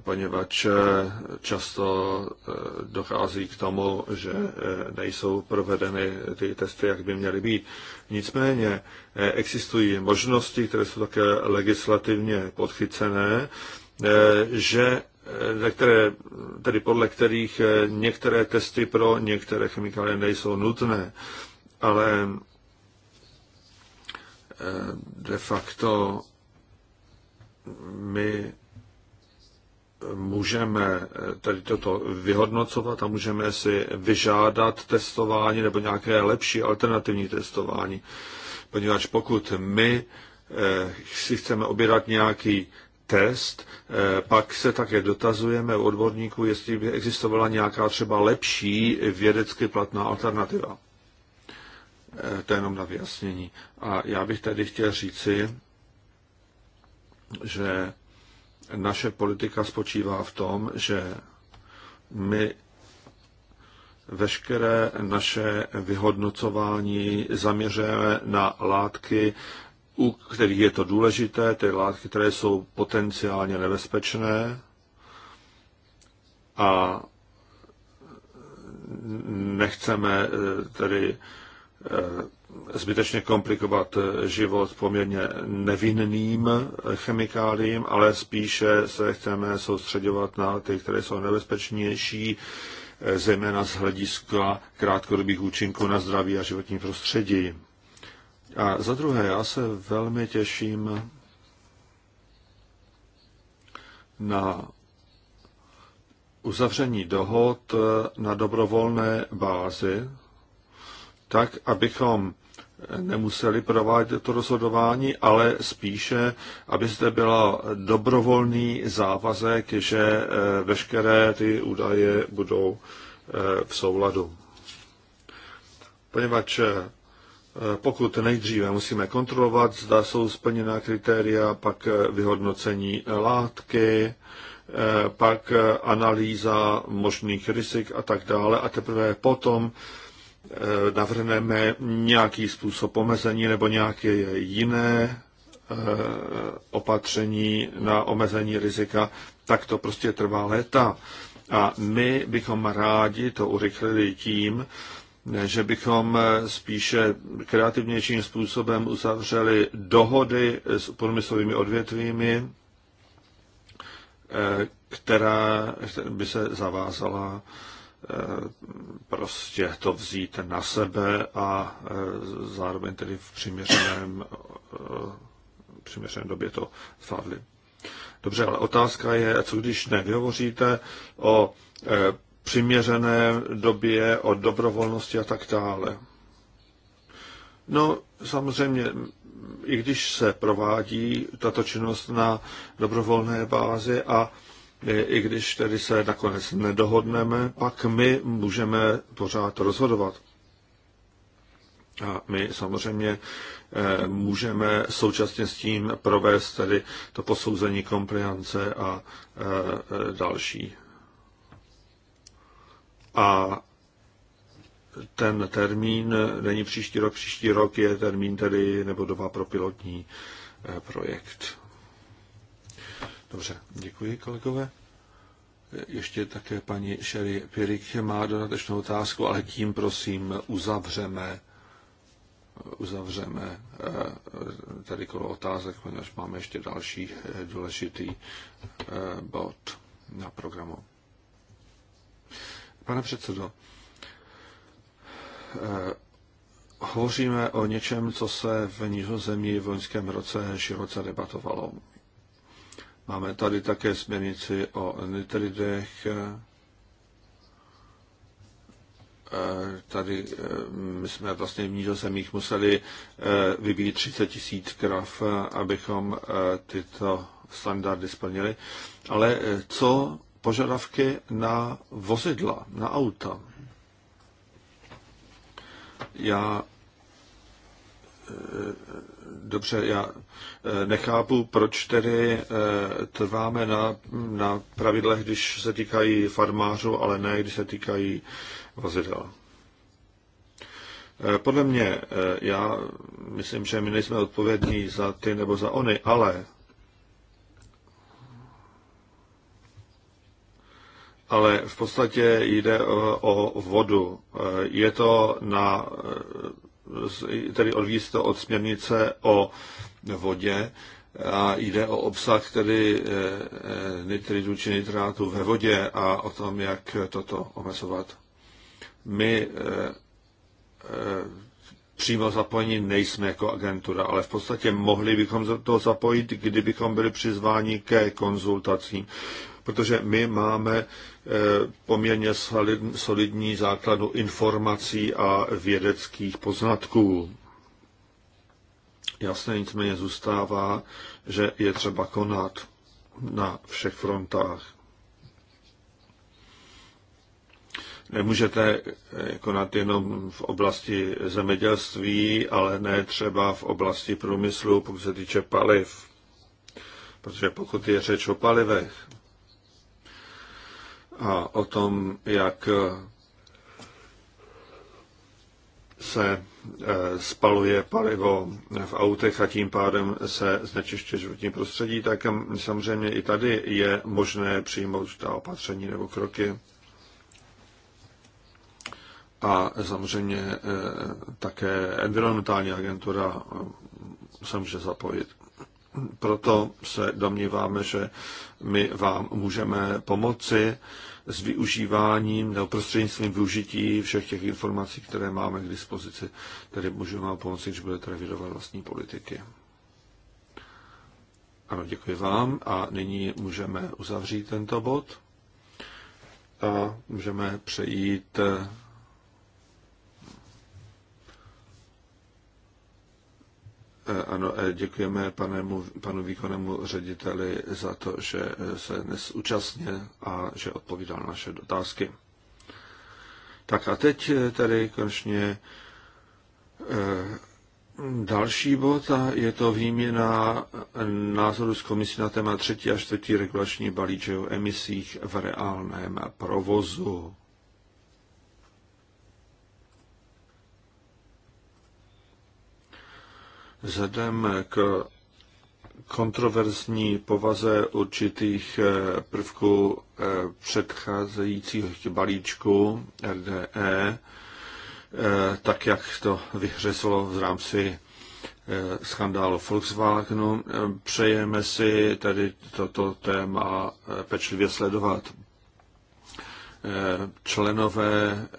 poněvadž často dochází k tomu, že nejsou provedeny ty testy, jak by měly být. Nicméně existují možnosti, které jsou také legislativně podchycené, že které, tedy podle kterých eh, některé testy pro některé chemikálie nejsou nutné, ale eh, de facto my můžeme eh, tady toto vyhodnocovat a můžeme si vyžádat testování nebo nějaké lepší alternativní testování. Poněvadž pokud my si chceme objednat nějaký test. Eh, pak se také dotazujeme u odborníků, jestli by existovala nějaká třeba lepší vědecky platná alternativa. Eh, to je jenom na vyjasnění. A já bych tady chtěl říci, že naše politika spočívá v tom, že my veškeré naše vyhodnocování zaměřujeme na látky, u kterých je to důležité, ty látky, které jsou potenciálně nebezpečné a nechceme eh, tedy eh, zbytečně komplikovat eh, život poměrně nevinným chemikáliím, ale spíše se chceme soustředovat na ty, které jsou nebezpečnější, zejména z hlediska krátkodobých účinků na zdraví a životní prostředí. A za druhé, já se velmi těším na uzavření dohod na dobrovolné bázi, tak, abychom nemuseli provádět to rozhodování, ale spíše, aby zde byla dobrovolný závazek, že eh, veškeré ty údaje budou eh, v souladu. Poněvadž Eh, pokud nejdříve musíme kontrolovat, zda jsou splněná kritéria, pak eh, vyhodnocení eh, látky, pak analýza možných rizik a tak dále a teprve potom navrhneme nějaký způsob omezení nebo nějaké jiné opatření na omezení rizika, tak to prostě trvá léta. A my bychom rádi to urychlili tím, že bychom eh, spíše kreativnějším způsobem uzavřeli dohody s průmyslovými odvětvími, eh, která by se zavázala eh, prostě to vzít na sebe a zároveň tedy v přiměřeném, přiměřeném době to zvládli. Dobře, ale otázka je, co když nevyhovoříte o přiměřené době, o dobrovolnosti a tak dále. No, samozřejmě, i když se provádí tato činnost na dobrovolné bázi a i když tedy se nakonec nedohodneme, pak my můžeme pořád rozhodovat. A my samozřejmě eh, můžeme současně s tím provést tedy to posouzení kompliance a eh, eh, další a ten termín není příští rok, příští rok je termín tedy nebo doba pro pilotní eh, projekt. Dobře, děkuji kolegové. Ještě také paní Sherry Pirik má dodatečnou otázku, ale tím prosím uzavřeme uzavřeme eh, tady kolo otázek, poněvadž máme ještě další eh, důležitý bod na programu. Pane předsedo, eh, hovoříme o něčem, co se v Nizozemí v loňském roce široce debatovalo. Máme tady také směrnici o nitridech. Eh, tady eh, my jsme vlastně v Nizozemích museli vybít 30 tisíc krav, abychom tyto standardy splnili. Ale co požadavky na vozidla, na auta. Já eh, dobře, já eh, nechápu, proč tedy eh, trváme na, na pravidlech, když se týkají farmářů, ale ne, když se týkají vozidel. Podle mě, já myslím, že my nejsme odpovědní za ty nebo za ony, ale ale v podstatě jde eh, o vodu. Eh, je to na, eh, tedy odvíjí to od směrnice o vodě a jde o obsah tedy nitridu či nitrátu ve vodě a o tom, jak toto omezovat. My přímo zapojení nejsme jako agentura, ale v podstatě mohli bychom to zapojit, kdybychom byli přizváni ke konzultacím protože my máme eh, poměrně solidní základu informací a vědeckých poznatků. Jasné nicméně zůstává, že je třeba konat na všech frontách. Nemůžete eh, konat jenom v oblasti zemědělství, ale ne třeba v oblasti průmyslu, pokud se týče paliv. Protože pokud je řeč o palivech, a o tom, jak eh, se eh, spaluje palivo v autech a tím pádem se znečišťuje životní prostředí, tak mm, samozřejmě i tady je možné přijmout ta opatření nebo kroky. A samozřejmě eh, také environmentální agentura se může zapojit. Proto se domníváme, že my vám můžeme pomoci s využíváním nebo prostřednictvím využití všech těch informací, které máme k dispozici, které můžeme vám pomoci, když budete revidovat vlastní politiky. Ano, děkuji vám a nyní můžeme uzavřít tento bod a můžeme přejít Eh, ano, eh, děkujeme panemu, panu výkonnému řediteli za to, že eh, se dnes účastnil a že odpovídal na naše otázky. Tak a teď tady konečně další bod a je to výměna názoru z komisí na téma třetí a čtvrtý regulační balíček o emisích v reálném provozu. Vzhledem k kontroverzní povaze určitých eh, prvků eh, předcházejících balíčku RDE, eh, tak jak to vyhřeslo v rámci skandálu Volkswagenu. Přejeme si tedy toto téma pečlivě sledovat členové eh,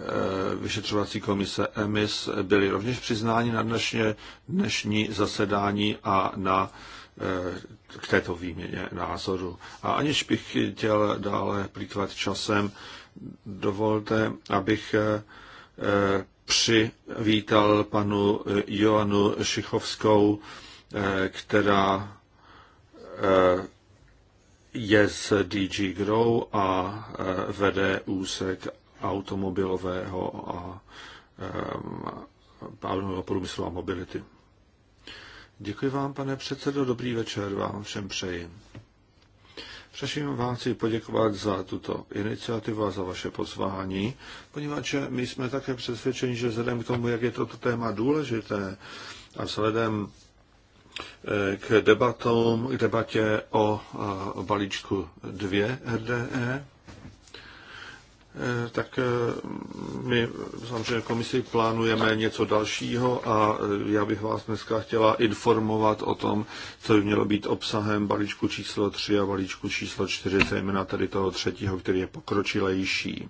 vyšetřovací komise EMIS byli rovněž přiznáni na dnešně, dnešní zasedání a na eh, k této výměně názoru. A aniž bych chtěl dále plýtvat časem, dovolte, abych eh, přivítal panu Joanu Šichovskou, která je z DG Grow a eh, vede úsek automobilového a eh, pádného průmyslu a mobility. Děkuji vám, pane předsedo, dobrý večer vám všem přeji. Přeším vám chci poděkovat za tuto iniciativu a za vaše pozvání, poněvadž my jsme také přesvědčeni, že vzhledem k tomu, jak je toto téma důležité a vzhledem k, debatom, k debatě o, o balíčku 2 RDE, eh, tak eh, my samozřejmě komisi plánujeme něco dalšího a eh, já bych vás dneska chtěla informovat o tom, co by mělo být obsahem balíčku číslo 3 a balíčku číslo 4, zejména tady toho třetího, který je pokročilejší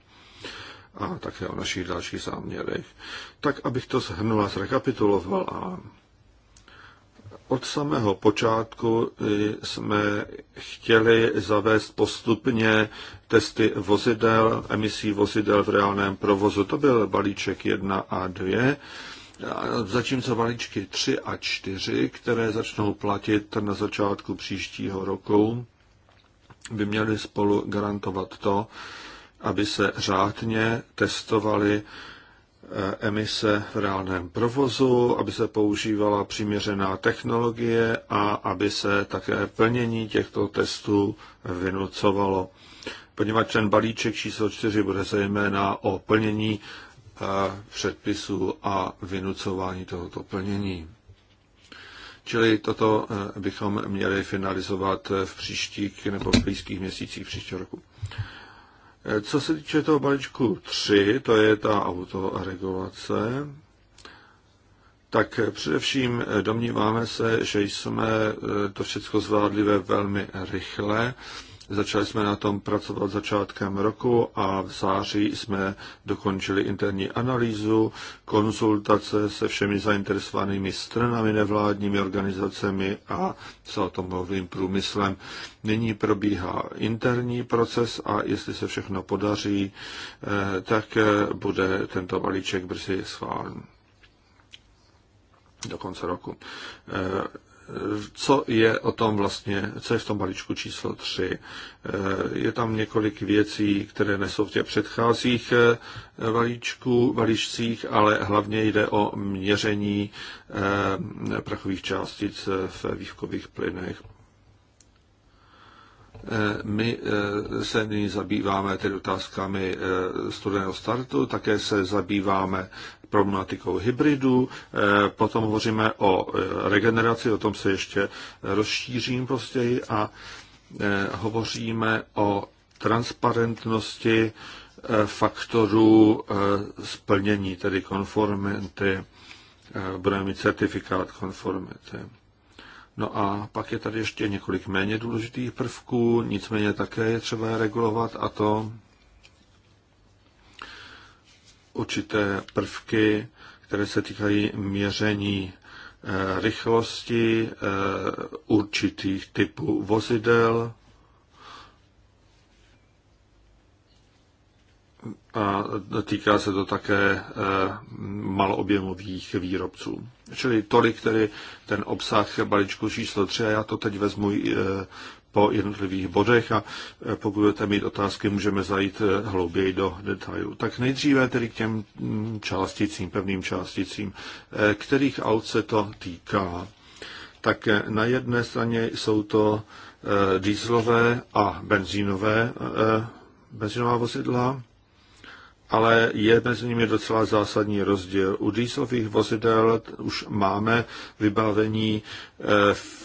a také o našich dalších záměrech. Tak, abych to shrnula, zrekapitulovala. Od samého počátku eh, jsme chtěli zavést postupně testy vozidel, emisí vozidel v reálném provozu. To byl balíček 1 a 2, zatímco balíčky 3 a 4, které začnou platit na začátku příštího roku, by měly spolu garantovat to, aby se řádně testovaly Eh, emise v reálném provozu, aby se používala přiměřená technologie a aby se také plnění těchto testů vynucovalo. Poněvadž ten balíček číslo 4 bude zejména o plnění eh, předpisů a vynucování tohoto plnění. Čili toto eh, bychom měli finalizovat v příštích nebo v blízkých měsících příštího roku. Co se týče toho balíčku 3, to je ta autoregulace, tak především domníváme se, že jsme eh, to všechno zvládli ve velmi rychle Začali jsme na tom pracovat začátkem roku a v září jsme dokončili interní analýzu, konzultace se všemi zainteresovanými stranami, nevládními organizacemi a s automobilovým průmyslem. Nyní probíhá interní proces a jestli se všechno podaří, eh, tak eh, bude tento balíček brzy schválen do konce roku. Eh, co je o tom vlastně, co je v tom balíčku číslo 3. Je tam několik věcí, které nesou v těch předcházích eh, balíčků, balíčcích, ale hlavně jde o měření eh, prachových částic v výchkových plynech. Eh, my eh, se nyní zabýváme tedy otázkami eh, studeného startu, také se zabýváme problematikou hybridu, potom hovoříme o regeneraci, o tom se ještě rozšířím později a hovoříme o transparentnosti faktorů splnění, tedy konformity. Budeme mít certifikát konformity. No a pak je tady ještě několik méně důležitých prvků, nicméně také je třeba regulovat a to určité prvky, které se týkají měření eh, rychlosti eh, určitých typů vozidel a týká se to také eh, maloobjemových výrobců. Čili tolik tedy ten obsah balíčku číslo 3 a já to teď vezmu eh, po jednotlivých bodech a eh, pokud budete mít otázky, můžeme zajít eh, hlouběji do detailů. Tak nejdříve tedy k těm mm, částicím, pevným částicím, kterých aut se to týká. Tak na jedné straně jsou to dieselové a benzínové, benzínová vozidla, ale je mezi nimi docela zásadní rozdíl. U dieselových vozidel už máme vybavení eh,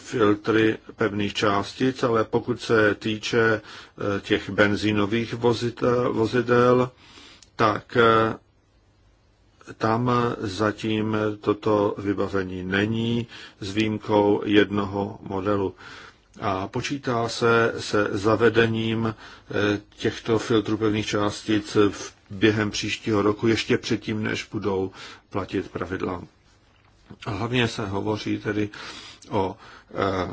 filtry pevných částic, ale pokud se týče eh, těch benzínových vozidel, vozidel tak eh, tam zatím toto vybavení není s výjimkou jednoho modelu a počítá se se zavedením e, těchto filtrů pevných částic v během příštího roku, ještě předtím, než budou platit pravidla. A hlavně se hovoří tedy o e,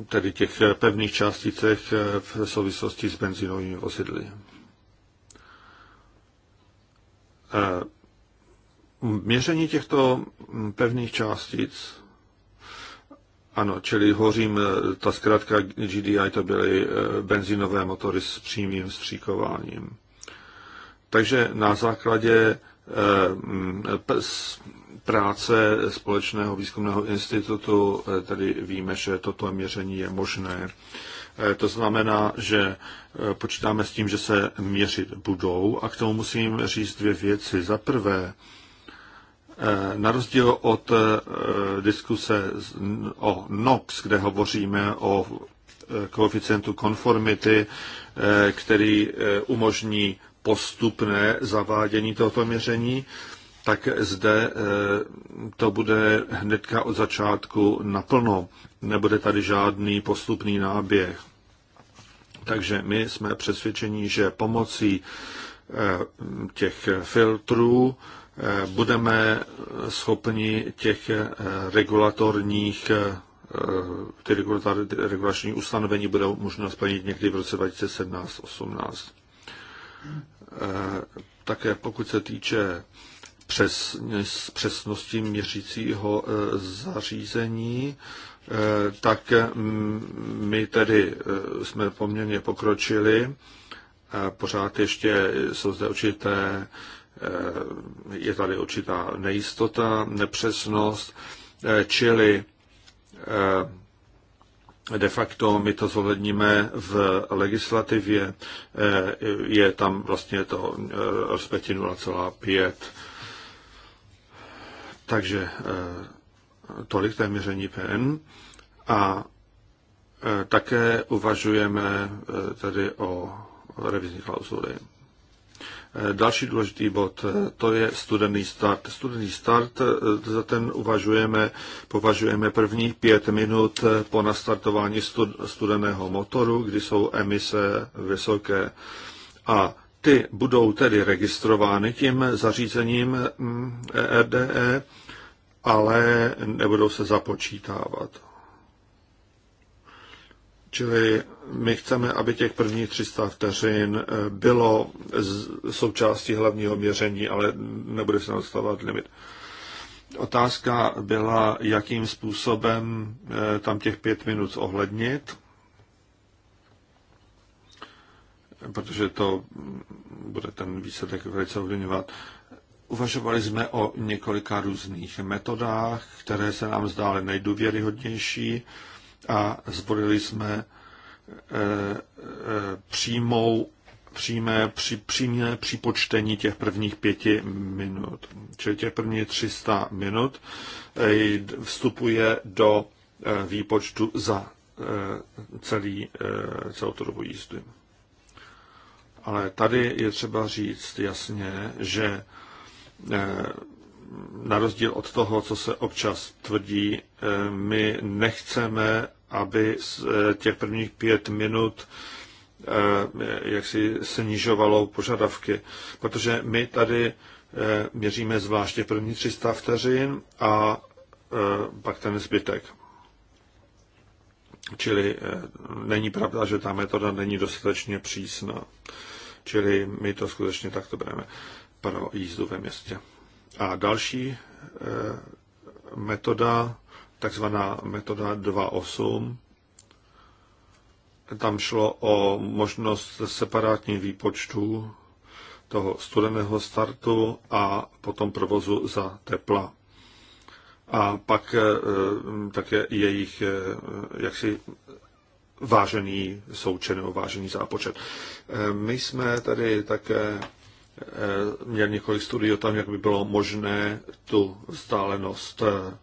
e, tedy těch pevných částicech v souvislosti s benzínovými vozidly. Měření těchto pevných částic ano, čili hovořím, eh, ta zkrátka GDI to byly eh, benzínové motory s přímým stříkováním. Takže na základě eh, práce Společného výzkumného institutu tady víme, že toto měření je možné. To znamená, že počítáme s tím, že se měřit budou a k tomu musím říct dvě věci. Za prvé, Eh, na rozdíl od eh, diskuse o NOx, kde hovoříme o eh, koeficientu konformity, který umožní postupné zavádění tohoto měření, tak zde to bude hnedka od začátku naplno. Nebude tady žádný postupný náběh. Takže my jsme přesvědčeni, že pomocí těch filtrů Eh, budeme schopni těch eh, regulatorních eh, ty regulační ustanovení budou možná splnit někdy v roce 2017-18. Také pokud se týče přes, přesnosti měřícího zařízení, tak mm, my tedy jsme poměrně pokročili. Pořád ještě jsou zde určité Eh, je tady určitá nejistota, nepřesnost, eh, čili eh, de facto my to zohledníme v legislativě, je tam vlastně to respektive 0,5. Takže tolik té měření PN a také uvažujeme tedy o revizní klauzuly. Eh, další důležitý bod, eh, to je studený start. Studený start, eh, za ten uvažujeme, považujeme prvních pět minut po nastartování studeného motoru, kdy jsou emise vysoké. A ty budou tedy registrovány tím zařízením ERDE, mm, e, ale nebudou se započítávat. Čili my chceme, aby těch prvních 300 vteřin eh, bylo součástí hlavního měření, ale nebude se nastavovat limit. Otázka byla, jakým způsobem eh, tam těch pět minut ohlednit, protože to bude ten výsledek velice ovlivňovat. Uvažovali jsme o několika různých metodách, které se nám zdály nejdůvěryhodnější a zvolili jsme eh, eh, přímou, přímé, při, přímé připočtení těch prvních pěti minut. Čili těch prvních 300 minut eh, vstupuje do výpočtu za celý, celou tu dobu jízdy. Ale tady je třeba říct jasně, že na rozdíl od toho, co se občas tvrdí, eh, my nechceme, aby z eh, těch prvních pět minut eh, jak si snižovalo požadavky, protože my tady měříme zvláště první 300 vteřin a pak ten zbytek. Čili není pravda, že ta metoda není dostatečně přísná. Čili my to skutečně takto bereme pro jízdu ve městě. A další eh, metoda, takzvaná metoda 2.8, tam šlo o možnost separátní výpočtu toho studeného startu a potom provozu za tepla. A pak eh, také jejich eh, jaksi vážený součen nebo vážený zápočet. My jsme tady také Eh, měl několik studií o tom, jak by bylo možné tu vzdálenost eh,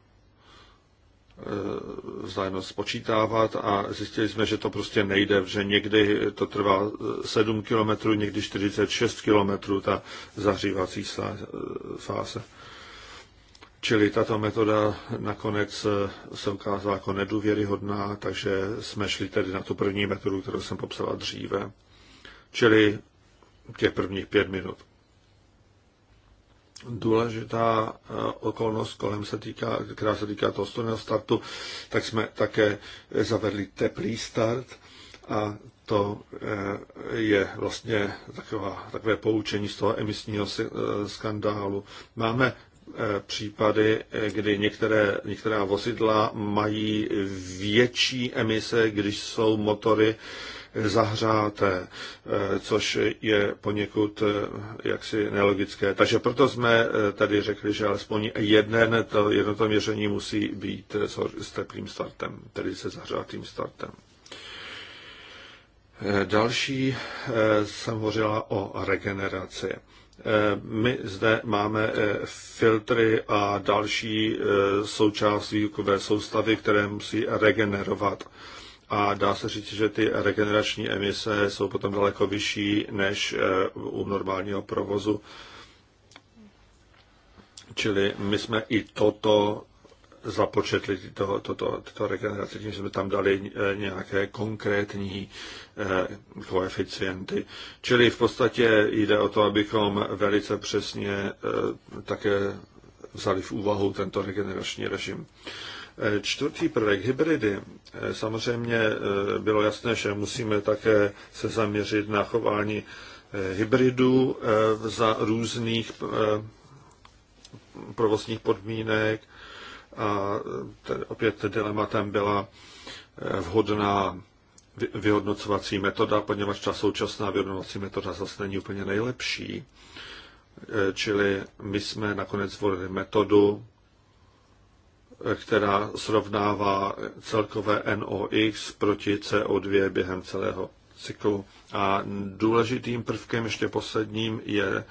eh, vzdálenost spočítávat a zjistili jsme, že to prostě nejde, že někdy to trvá 7 km, někdy 46 km ta zahřívací fáze. Čili tato metoda nakonec se ukázala jako nedůvěryhodná, takže jsme šli tedy na tu první metodu, kterou jsem popsala dříve. Čili těch prvních pět minut. Důležitá eh, okolnost, kolem se týká, která se týká toho studeného startu, tak jsme také zavedli teplý start a to eh, je vlastně taková, takové poučení z toho emisního eh, skandálu. Máme případy, kdy některé, některá vozidla mají větší emise, když jsou motory zahřáté, eh, což je poněkud eh, jaksi nelogické. Takže proto jsme eh, tady řekli, že alespoň jeden to jedno to měření musí být s teplým startem, tedy se zahřátým startem. Další jsem hovořila o regeneraci. My zde máme filtry a další součást výukové soustavy, které musí regenerovat a dá se říct, že ty regenerační emise jsou potom daleko vyšší než eh, u normálního provozu. Čili my jsme i toto započetli, to, to, to, to regenerace, tím jsme tam dali eh, nějaké konkrétní eh, koeficienty. Čili v podstatě jde o to, abychom velice přesně také vzali v úvahu tento regenerační režim. Čtvrtý prvek, hybridy. Samozřejmě eh, bylo jasné, že musíme také se zaměřit na chování eh, hybridů eh, za různých provozních podmínek a opět dilematem byla vhodná vyhodnocovací metoda, poněvadž ta současná vyhodnocovací metoda zase není úplně nejlepší. Čili my jsme nakonec zvolili metodu, která srovnává celkové NOx proti CO2 během celého cyklu. A důležitým prvkem, ještě posledním, je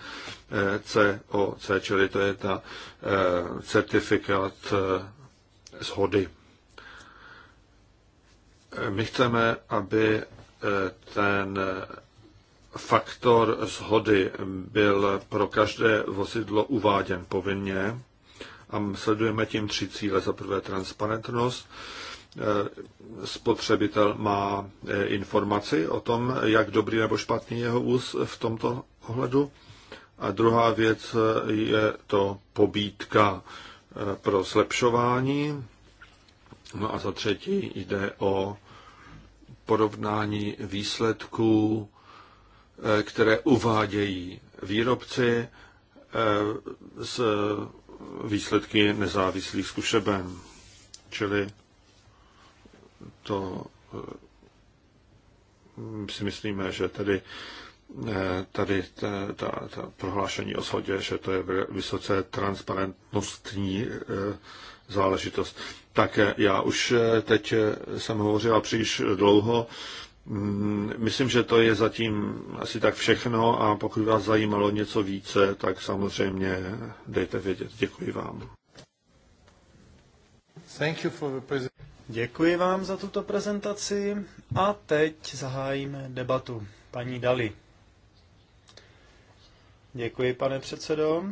COC, eh, čili to je ta eh, certifikát eh, shody. My chceme, aby ten faktor shody byl pro každé vozidlo uváděn povinně a sledujeme tím tři cíle. Za prvé transparentnost, eh, spotřebitel má eh, informaci o tom, jak dobrý nebo špatný jeho vůz v tomto ohledu. A druhá věc eh, je to pobídka pro zlepšování. No a za třetí jde o porovnání výsledků, které uvádějí výrobci s výsledky nezávislých zkušeben. Čili to eh, si myslíme, že tedy eh, tady ta, ta, ta prohlášení o shodě, že to je vysoce transparentnostní eh, záležitost. Tak já už teď jsem hovořila příliš dlouho, Mm, myslím, že to je zatím asi tak všechno a pokud vás zajímalo něco více, tak samozřejmě dejte vědět. Děkuji vám. Děkuji vám za tuto prezentaci a teď zahájíme debatu. Paní Dali. Děkuji, pane předsedo.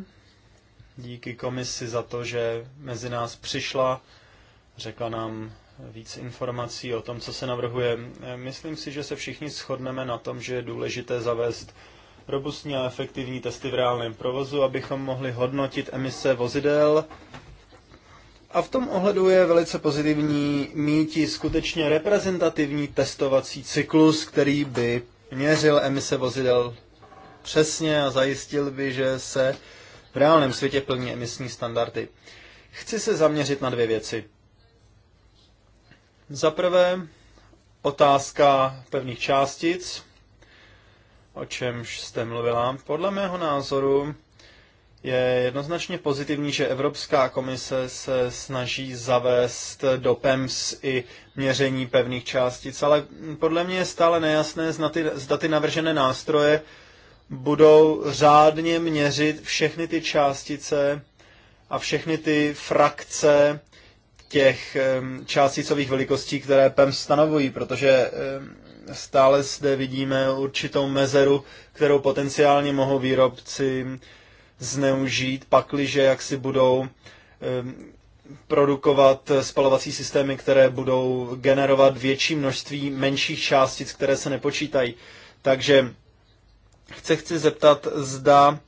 Díky komisi za to, že mezi nás přišla, řekla nám víc informací o tom, co se navrhuje. Myslím si, že se všichni shodneme na tom, že je důležité zavést robustní a efektivní testy v reálném provozu, abychom mohli hodnotit emise vozidel. A v tom ohledu je velice pozitivní míti skutečně reprezentativní testovací cyklus, který by měřil emise vozidel přesně a zajistil by, že se v reálném světě plní emisní standardy. Chci se zaměřit na dvě věci. Za prvé otázka pevných částic, o čemž jste mluvila. Podle mého názoru je jednoznačně pozitivní, že Evropská komise se snaží zavést do PEMS i měření pevných částic, ale podle mě je stále nejasné, zda ty, navržené nástroje budou řádně měřit všechny ty částice a všechny ty frakce těch částicových velikostí, které PEM stanovují, protože stále zde vidíme určitou mezeru, kterou potenciálně mohou výrobci zneužít, pakliže jak si budou produkovat spalovací systémy, které budou generovat větší množství menších částic, které se nepočítají. Takže chci, chci zeptat, zda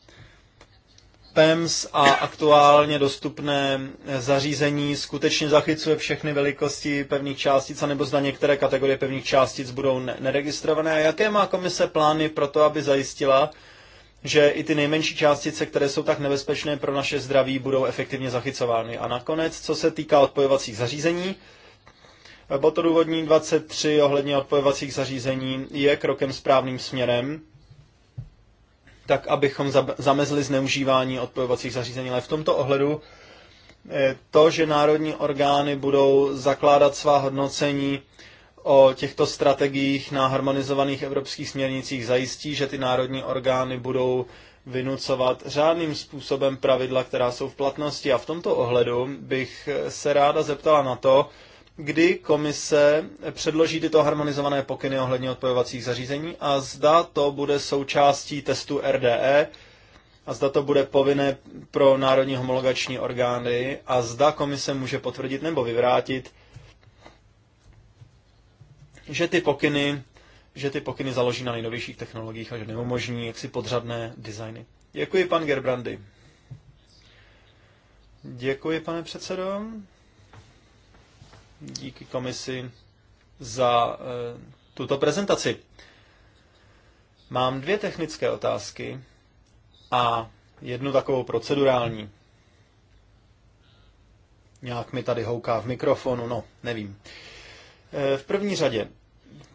PEMS a aktuálně dostupné zařízení skutečně zachycuje všechny velikosti pevných částic, anebo zda některé kategorie pevných částic budou neregistrované. A jaké má komise plány pro to, aby zajistila, že i ty nejmenší částice, které jsou tak nebezpečné pro naše zdraví, budou efektivně zachycovány. A nakonec, co se týká odpojovacích zařízení, to důvodní 23 ohledně odpojovacích zařízení je krokem správným směrem tak abychom zamezili zneužívání odpojovacích zařízení. Ale v tomto ohledu eh, to, že národní orgány budou zakládat svá hodnocení o těchto strategiích na harmonizovaných evropských směrnicích, zajistí, že ty národní orgány budou vynucovat řádným způsobem pravidla, která jsou v platnosti. A v tomto ohledu bych eh, se ráda zeptala na to, kdy komise předloží tyto harmonizované pokyny ohledně odpojovacích zařízení a zda to bude součástí testu RDE a zda to bude povinné pro národní homologační orgány a zda komise může potvrdit nebo vyvrátit, že ty pokyny, že ty pokyny založí na nejnovějších technologiích a že neumožní jaksi podřadné designy. Děkuji, pan Gerbrandy. Děkuji, pane předsedo díky komisi za eh, tuto prezentaci. Mám dvě technické otázky a jednu takovou procedurální. Nějak mi tady houká v mikrofonu, no, nevím. Eh, v první řadě,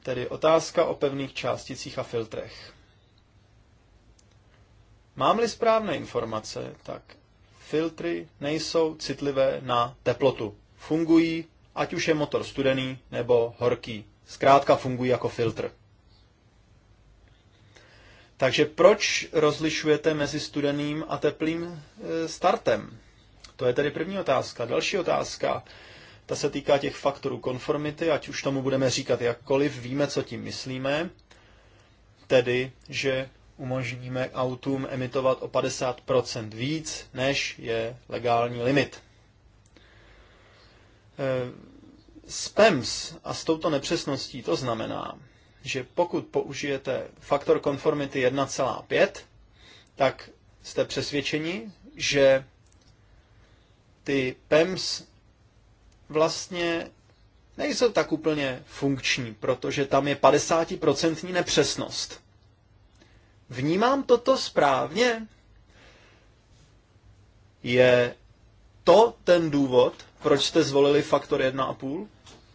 tedy otázka o pevných částicích a filtrech. Mám-li správné informace, tak filtry nejsou citlivé na teplotu. Fungují ať už je motor studený nebo horký. Zkrátka fungují jako filtr. Takže proč rozlišujete mezi studeným a teplým e, startem? To je tedy první otázka. Další otázka, ta se týká těch faktorů konformity, ať už tomu budeme říkat jakkoliv, víme, co tím myslíme. Tedy, že umožníme autům emitovat o 50% víc, než je legální limit. Eh, s PEMS a s touto nepřesností to znamená, že pokud použijete faktor konformity 1,5, tak jste přesvědčeni, že ty PEMS vlastně nejsou tak úplně funkční, protože tam je 50% nepřesnost. Vnímám toto správně? Je to ten důvod, proč jste zvolili faktor 1,5?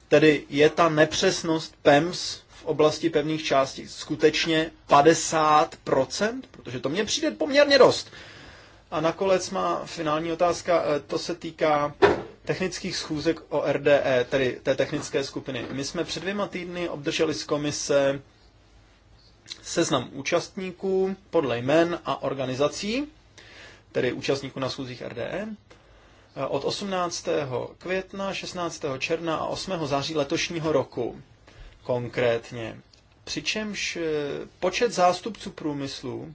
Tedy je ta nepřesnost PEMS v oblasti pevných částí skutečně 50%? Protože to mně přijde poměrně dost. A nakonec má finální otázka, eh, to se týká technických schůzek o RDE, tedy té technické skupiny. My jsme před dvěma týdny obdrželi z komise seznam účastníků podle jmen a organizací, tedy účastníků na schůzích RDE od 18. května, 16. června a 8. září letošního roku konkrétně. Přičemž eh, počet zástupců průmyslu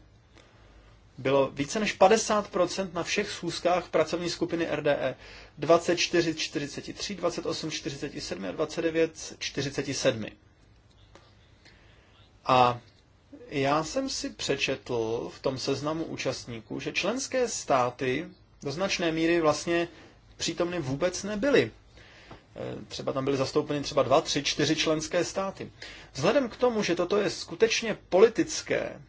bylo více než 50% na všech schůzkách pracovní skupiny RDE. 24 43, 28 47 a 29 47. A já jsem si přečetl v tom seznamu účastníků, že členské státy do značné míry vlastně přítomny vůbec nebyly. E, třeba tam byly zastoupeny třeba dva, tři, čtyři členské státy. Vzhledem k tomu, že toto je skutečně politické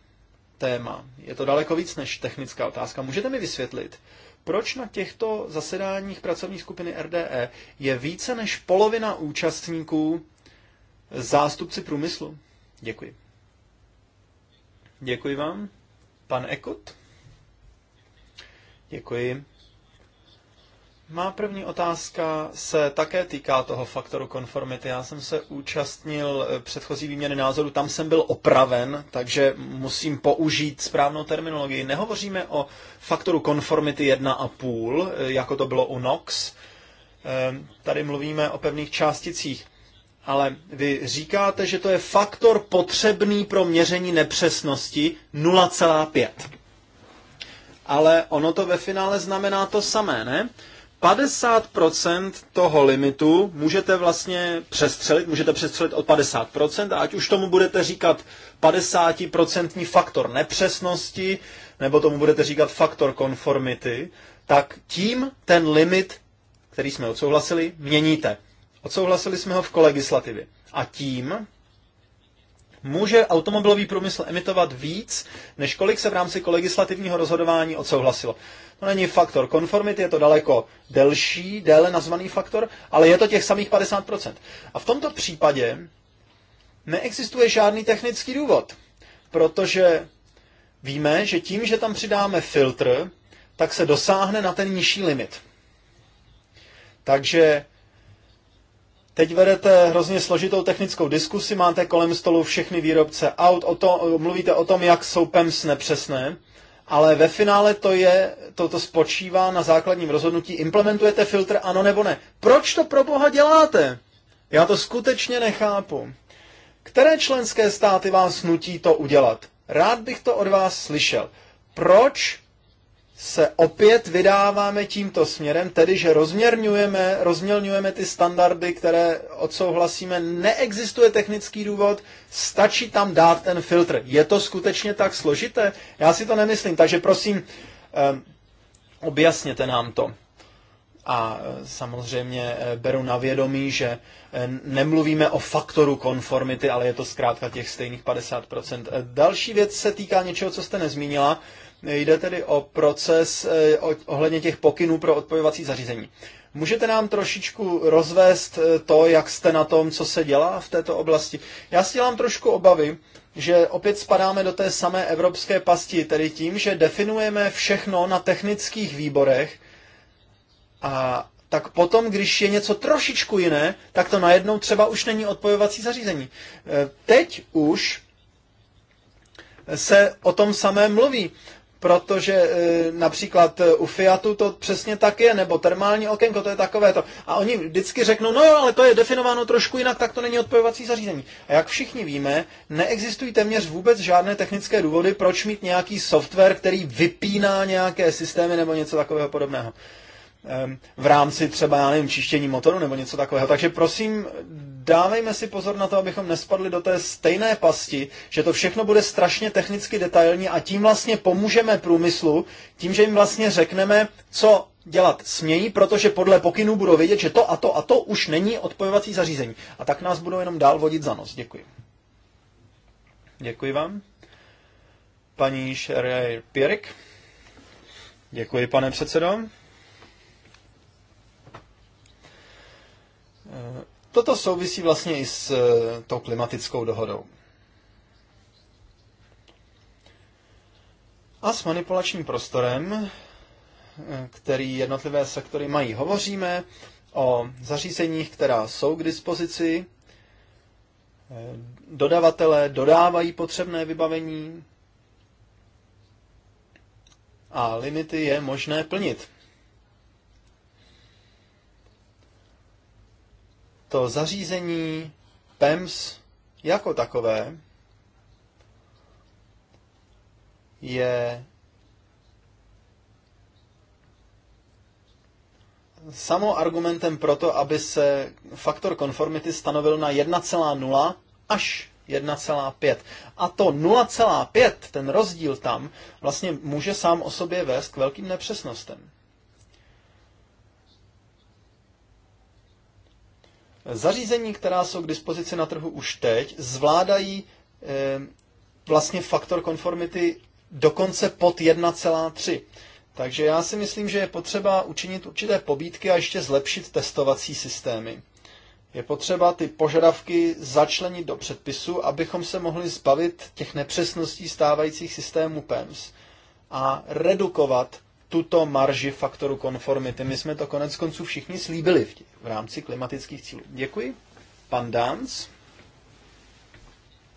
téma, je to daleko víc než technická otázka, můžete mi vysvětlit, proč na těchto zasedáních pracovní skupiny RDE je více než polovina účastníků zástupci průmyslu? Děkuji. Děkuji vám. Pan Ekut? Děkuji. Má první otázka se také týká toho faktoru konformity. Já jsem se účastnil eh, předchozí výměny názoru, tam jsem byl opraven, takže musím použít správnou terminologii. Nehovoříme o faktoru konformity 1,5, eh, jako to bylo u NOx. Eh, tady mluvíme o pevných částicích. Ale vy říkáte, že to je faktor potřebný pro měření nepřesnosti ale ono to ve finále znamená to samé, ne? 50% toho limitu můžete vlastně přestřelit, můžete přestřelit od 50%, a ať už tomu budete říkat 50% faktor nepřesnosti, nebo tomu budete říkat faktor konformity, tak tím ten limit, který jsme odsouhlasili, měníte. Odsouhlasili jsme ho v kolegislativě. A tím Může automobilový průmysl emitovat víc, než kolik se v rámci legislativního rozhodování odsouhlasilo. To není faktor konformity, je to daleko delší, déle nazvaný faktor, ale je to těch samých 50%. A v tomto případě neexistuje žádný technický důvod, protože víme, že tím, že tam přidáme filtr, tak se dosáhne na ten nižší limit. Takže Teď vedete hrozně složitou technickou diskusi, máte kolem stolu všechny výrobce aut, o to, mluvíte o tom, jak jsou PEMS nepřesné, ale ve finále to je, toto to spočívá na základním rozhodnutí, implementujete filtr ano nebo ne. Proč to pro boha děláte? Já to skutečně nechápu. Které členské státy vás nutí to udělat? Rád bych to od vás slyšel. Proč se opět vydáváme tímto směrem, tedy že rozměrňujeme, rozmělňujeme ty standardy, které odsouhlasíme. Neexistuje technický důvod, stačí tam dát ten filtr. Je to skutečně tak složité? Já si to nemyslím, takže prosím, ehm, objasněte nám to. A e, samozřejmě e, beru na vědomí, že e, nemluvíme o faktoru konformity, ale je to zkrátka těch stejných 50%. Další věc se týká něčeho, co jste nezmínila, Jde tedy o proces eh, ohledně těch pokynů pro odpojovací zařízení. Můžete nám trošičku rozvést eh, to, jak jste na tom, co se dělá v této oblasti? Já si dělám trošku obavy, že opět spadáme do té samé evropské pasti, tedy tím, že definujeme všechno na technických výborech a tak potom, když je něco trošičku jiné, tak to najednou třeba už není odpojovací zařízení. Eh, teď už se o tom samém mluví protože e, například e, u Fiatu to přesně tak je, nebo termální okénko, to je takové to. A oni vždycky řeknou, no jo, ale to je definováno trošku jinak, tak to není odpojovací zařízení. A jak všichni víme, neexistují téměř vůbec žádné technické důvody, proč mít nějaký software, který vypíná nějaké systémy nebo něco takového podobného v rámci třeba, já nevím, čištění motoru nebo něco takového. Takže prosím, dávejme si pozor na to, abychom nespadli do té stejné pasti, že to všechno bude strašně technicky detailní a tím vlastně pomůžeme průmyslu, tím, že jim vlastně řekneme, co dělat smějí, protože podle pokynů budou vědět, že to a to a to už není odpojovací zařízení. A tak nás budou jenom dál vodit za nos. Děkuji. Děkuji vám. Paní Šerrier Pěrik. Děkuji, pane předsedo. Toto souvisí vlastně i s eh, tou klimatickou dohodou. A s manipulačním prostorem, eh, který jednotlivé sektory mají. Hovoříme o zařízeních, která jsou k dispozici. Eh, dodavatelé dodávají potřebné vybavení a limity je možné plnit. to zařízení PEMS jako takové je samo argumentem pro to, aby se faktor konformity stanovil na 1,0 až 1,5. A to 0,5, ten rozdíl tam, vlastně může sám o sobě vést k velkým nepřesnostem. Zařízení, která jsou k dispozici na trhu už teď, zvládají eh, vlastně faktor konformity dokonce pod 1,3. Takže já si myslím, že je potřeba učinit určité pobídky a ještě zlepšit testovací systémy. Je potřeba ty požadavky začlenit do předpisu, abychom se mohli zbavit těch nepřesností stávajících systémů PEMS a redukovat tuto marži faktoru konformity. My jsme to konec konců všichni slíbili v, tě, v rámci klimatických cílů. Děkuji. Pan Dance.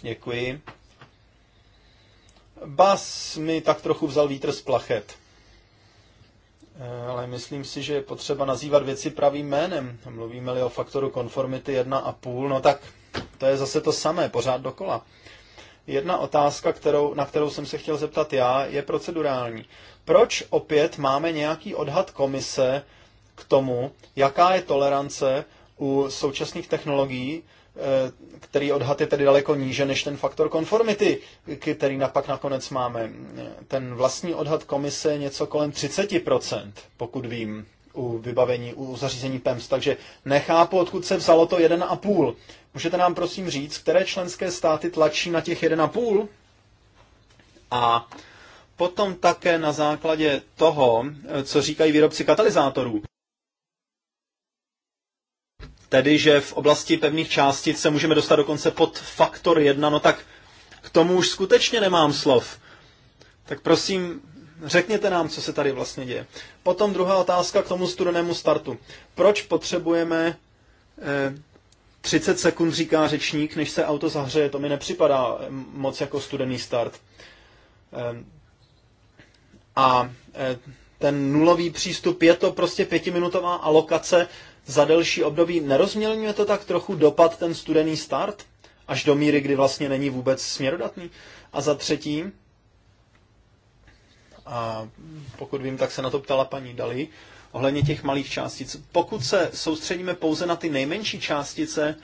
Děkuji. Bas mi tak trochu vzal vítr z plachet. Eh, ale myslím si, že je potřeba nazývat věci pravým jménem. Mluvíme-li o faktoru konformity 1,5, no tak to je zase to samé, pořád dokola. Jedna otázka, kterou, na kterou jsem se chtěl zeptat já, je procedurální. Proč opět máme nějaký odhad komise k tomu, jaká je tolerance u současných technologií, eh, který odhad je tedy daleko níže než ten faktor konformity, který napak nakonec máme. Ten vlastní odhad komise je něco kolem 30%, pokud vím, u vybavení, u zařízení PEMS, takže nechápu, odkud se vzalo to 1,5. Můžete nám prosím říct, které členské státy tlačí na těch 1,5? A potom také na základě toho, co říkají výrobci katalyzátorů, tedy že v oblasti pevných částic se můžeme dostat dokonce pod faktor 1, no tak k tomu už skutečně nemám slov. Tak prosím, řekněte nám, co se tady vlastně děje. Potom druhá otázka k tomu studenému startu. Proč potřebujeme eh, 30 sekund říká řečník, než se auto zahřeje, to mi nepřipadá moc jako studený start. A e, ten nulový přístup je to prostě pětiminutová alokace za delší období. Nerozmělňuje to tak trochu dopad ten studený start? Až do míry, kdy vlastně není vůbec směrodatný. A za třetí, a pokud vím, tak se na to ptala paní Dali, ohledně těch malých částic. Pokud se soustředíme pouze na ty nejmenší částice,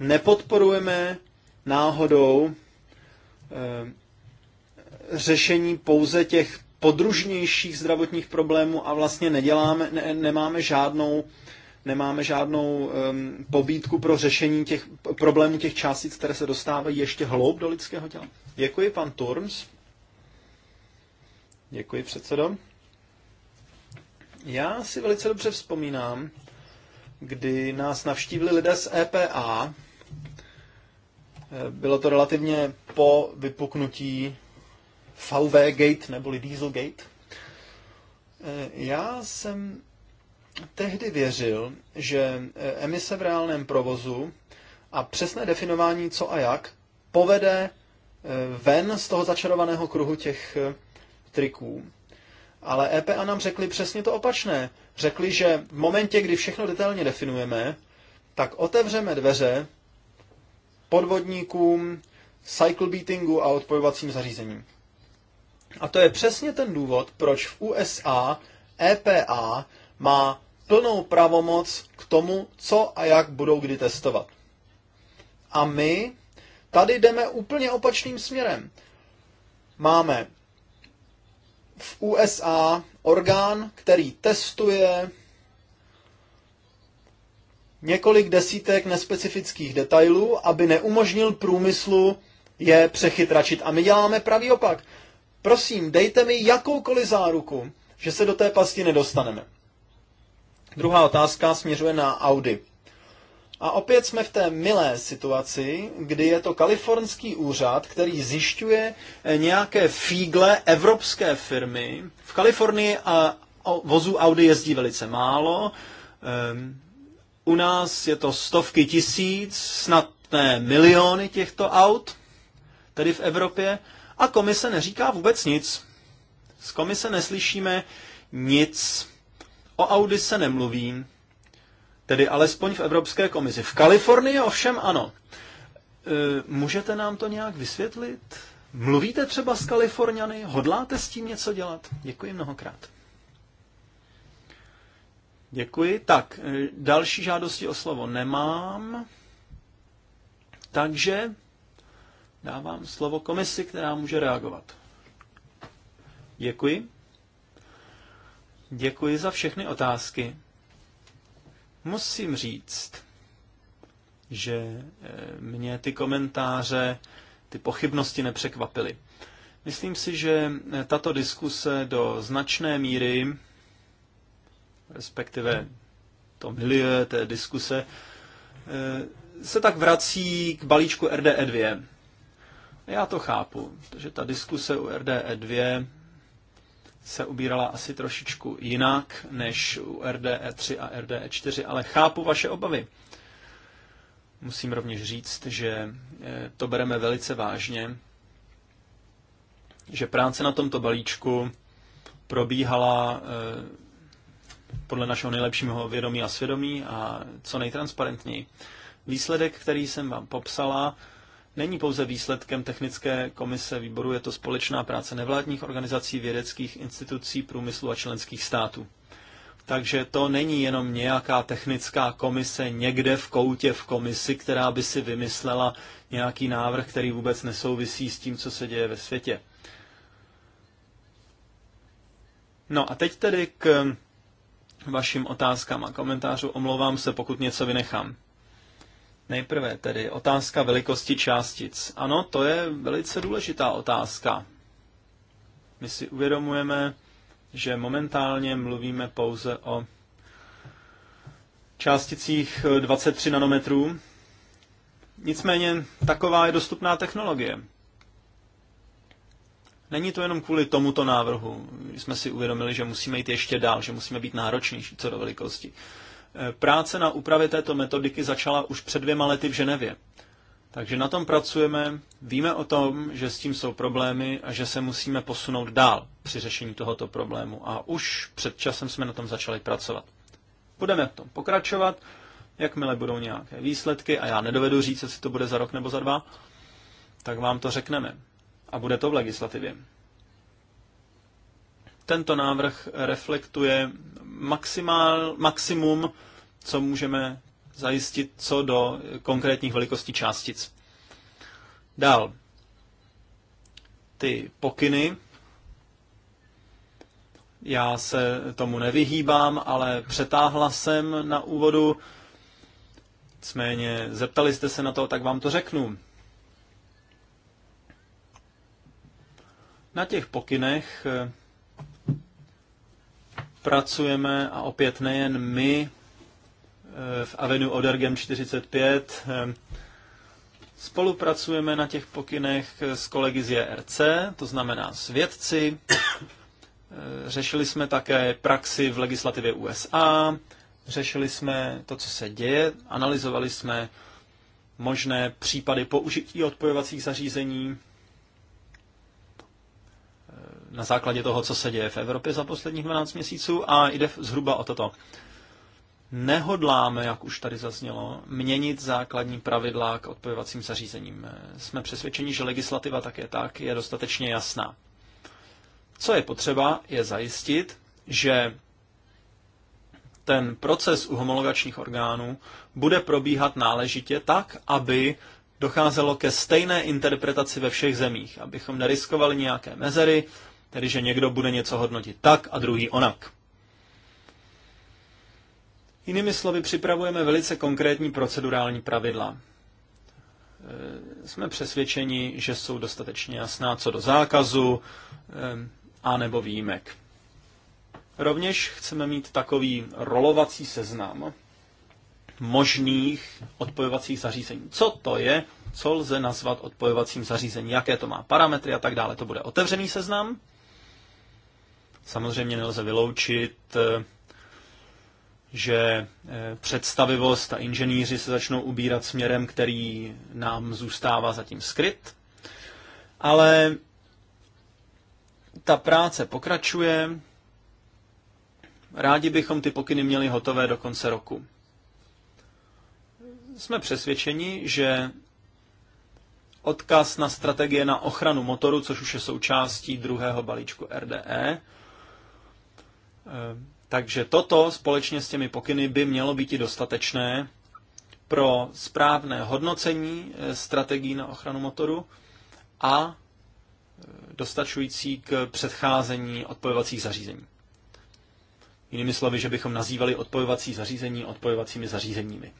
nepodporujeme náhodou e, řešení pouze těch podružnějších zdravotních problémů a vlastně neděláme, ne, nemáme žádnou nemáme žádnou e, pobídku pro řešení těch problémů těch částic, které se dostávají ještě hloub do lidského těla. Děkuji, pan Turms. Děkuji, předsedo. Já si velice dobře vzpomínám, kdy nás navštívili lidé z EPA. Eh, bylo to relativně po vypuknutí VW Gate neboli gate. Eh, já jsem tehdy věřil, že eh, emise v reálném provozu a přesné definování co a jak povede ven z toho začarovaného kruhu těch triků ale EPA nám řekli přesně to opačné. Řekli, že v momentě, kdy všechno detailně definujeme, tak otevřeme dveře podvodníkům, cycle beatingu a odpojovacím zařízením. A to je přesně ten důvod, proč v USA EPA má plnou pravomoc k tomu, co a jak budou kdy testovat. A my tady jdeme úplně opačným směrem. Máme v USA orgán, který testuje několik desítek nespecifických detailů, aby neumožnil průmyslu je přechytračit. A my děláme pravý opak. Prosím, dejte mi jakoukoliv záruku, že se do té pasti nedostaneme. Druhá otázka směřuje na Audi. A opět jsme v té milé situaci, kdy je to kalifornský úřad, který zjišťuje eh, nějaké fígle evropské firmy. V Kalifornii a vozů Audi jezdí velice málo. Ehm, u nás je to stovky tisíc, snad ne miliony těchto aut, tedy v Evropě. A komise neříká vůbec nic. Z komise neslyšíme nic. O Audi se nemluví Tedy alespoň v Evropské komisi. V Kalifornii ovšem ano. E, můžete nám to nějak vysvětlit? Mluvíte třeba s Kaliforniany? Hodláte s tím něco dělat? Děkuji mnohokrát. Děkuji. Tak, e, další žádosti o slovo nemám. Takže dávám slovo komisi, která může reagovat. Děkuji. Děkuji za všechny otázky. Musím říct, že eh, mě ty komentáře, ty pochybnosti nepřekvapily. Myslím si, že eh, tato diskuse do značné míry, respektive to milie té diskuse, eh, se tak vrací k balíčku RDE 2. Já to chápu, protože ta diskuse u RDE 2 se ubírala asi trošičku jinak než u RDE 3 a RDE 4, ale chápu vaše obavy. Musím rovněž říct, že eh, to bereme velice vážně, že práce na tomto balíčku probíhala eh, podle našeho nejlepšího vědomí a svědomí a co nejtransparentněji. Výsledek, který jsem vám popsala, není pouze výsledkem technické komise výboru, je to společná práce nevládních organizací, vědeckých institucí, průmyslu a členských států. Takže to není jenom nějaká technická komise někde v koutě v komisi, která by si vymyslela nějaký návrh, který vůbec nesouvisí s tím, co se děje ve světě. No a teď tedy k vašim otázkám a komentářům. Omlouvám se, pokud něco vynechám. Nejprve tedy otázka velikosti částic. Ano, to je velice důležitá otázka. My si uvědomujeme, že momentálně mluvíme pouze o částicích 23 nanometrů. Nicméně taková je dostupná technologie. Není to jenom kvůli tomuto návrhu. Jsme si uvědomili, že musíme jít ještě dál, že musíme být náročnější co do velikosti. Práce na úpravě této metodiky začala už před dvěma lety v Ženevě. Takže na tom pracujeme, víme o tom, že s tím jsou problémy a že se musíme posunout dál při řešení tohoto problému. A už před časem jsme na tom začali pracovat. Budeme v tom pokračovat, jakmile budou nějaké výsledky, a já nedovedu říct, jestli to bude za rok nebo za dva, tak vám to řekneme. A bude to v legislativě. Tento návrh reflektuje maximál, maximum, co můžeme zajistit co do konkrétních velikostí částic. Dál. Ty pokyny. Já se tomu nevyhýbám, ale přetáhla jsem na úvodu. Nicméně zeptali jste se na to, tak vám to řeknu. Na těch pokynech pracujeme a opět nejen my eh, v Avenue Odergem 45 eh, spolupracujeme na těch pokynech s kolegy z JRC, to znamená s vědci. Eh, řešili jsme také praxi v legislativě USA, řešili jsme to, co se děje, analyzovali jsme možné případy použití odpojovacích zařízení na základě toho, co se děje v Evropě za posledních 12 měsíců a jde zhruba o toto. Nehodláme, jak už tady zaznělo, měnit základní pravidla k odpojovacím zařízením. Jsme přesvědčeni, že legislativa také tak je dostatečně jasná. Co je potřeba, je zajistit, že ten proces u homologačních orgánů bude probíhat náležitě tak, aby docházelo ke stejné interpretaci ve všech zemích, abychom neriskovali nějaké mezery, Tedy, že někdo bude něco hodnotit tak a druhý onak. Jinými slovy, připravujeme velice konkrétní procedurální pravidla. E, jsme přesvědčeni, že jsou dostatečně jasná co do zákazu e, a nebo výjimek. Rovněž chceme mít takový rolovací seznam možných odpojovacích zařízení. Co to je, co lze nazvat odpojovacím zařízením, jaké to má parametry a tak dále. To bude otevřený seznam, Samozřejmě nelze vyloučit, eh, že eh, představivost a inženýři se začnou ubírat směrem, který nám zůstává zatím skryt, ale ta práce pokračuje. Rádi bychom ty pokyny měli hotové do konce roku. Jsme přesvědčeni, že odkaz na strategie na ochranu motoru, což už je součástí druhého balíčku RDE, Eh, takže toto společně s těmi pokyny by mělo být i dostatečné pro správné hodnocení eh, strategií na ochranu motoru a eh, dostačující k předcházení odpojovacích zařízení. Jinými slovy, že bychom nazývali odpojovací zařízení odpojovacími zařízeními.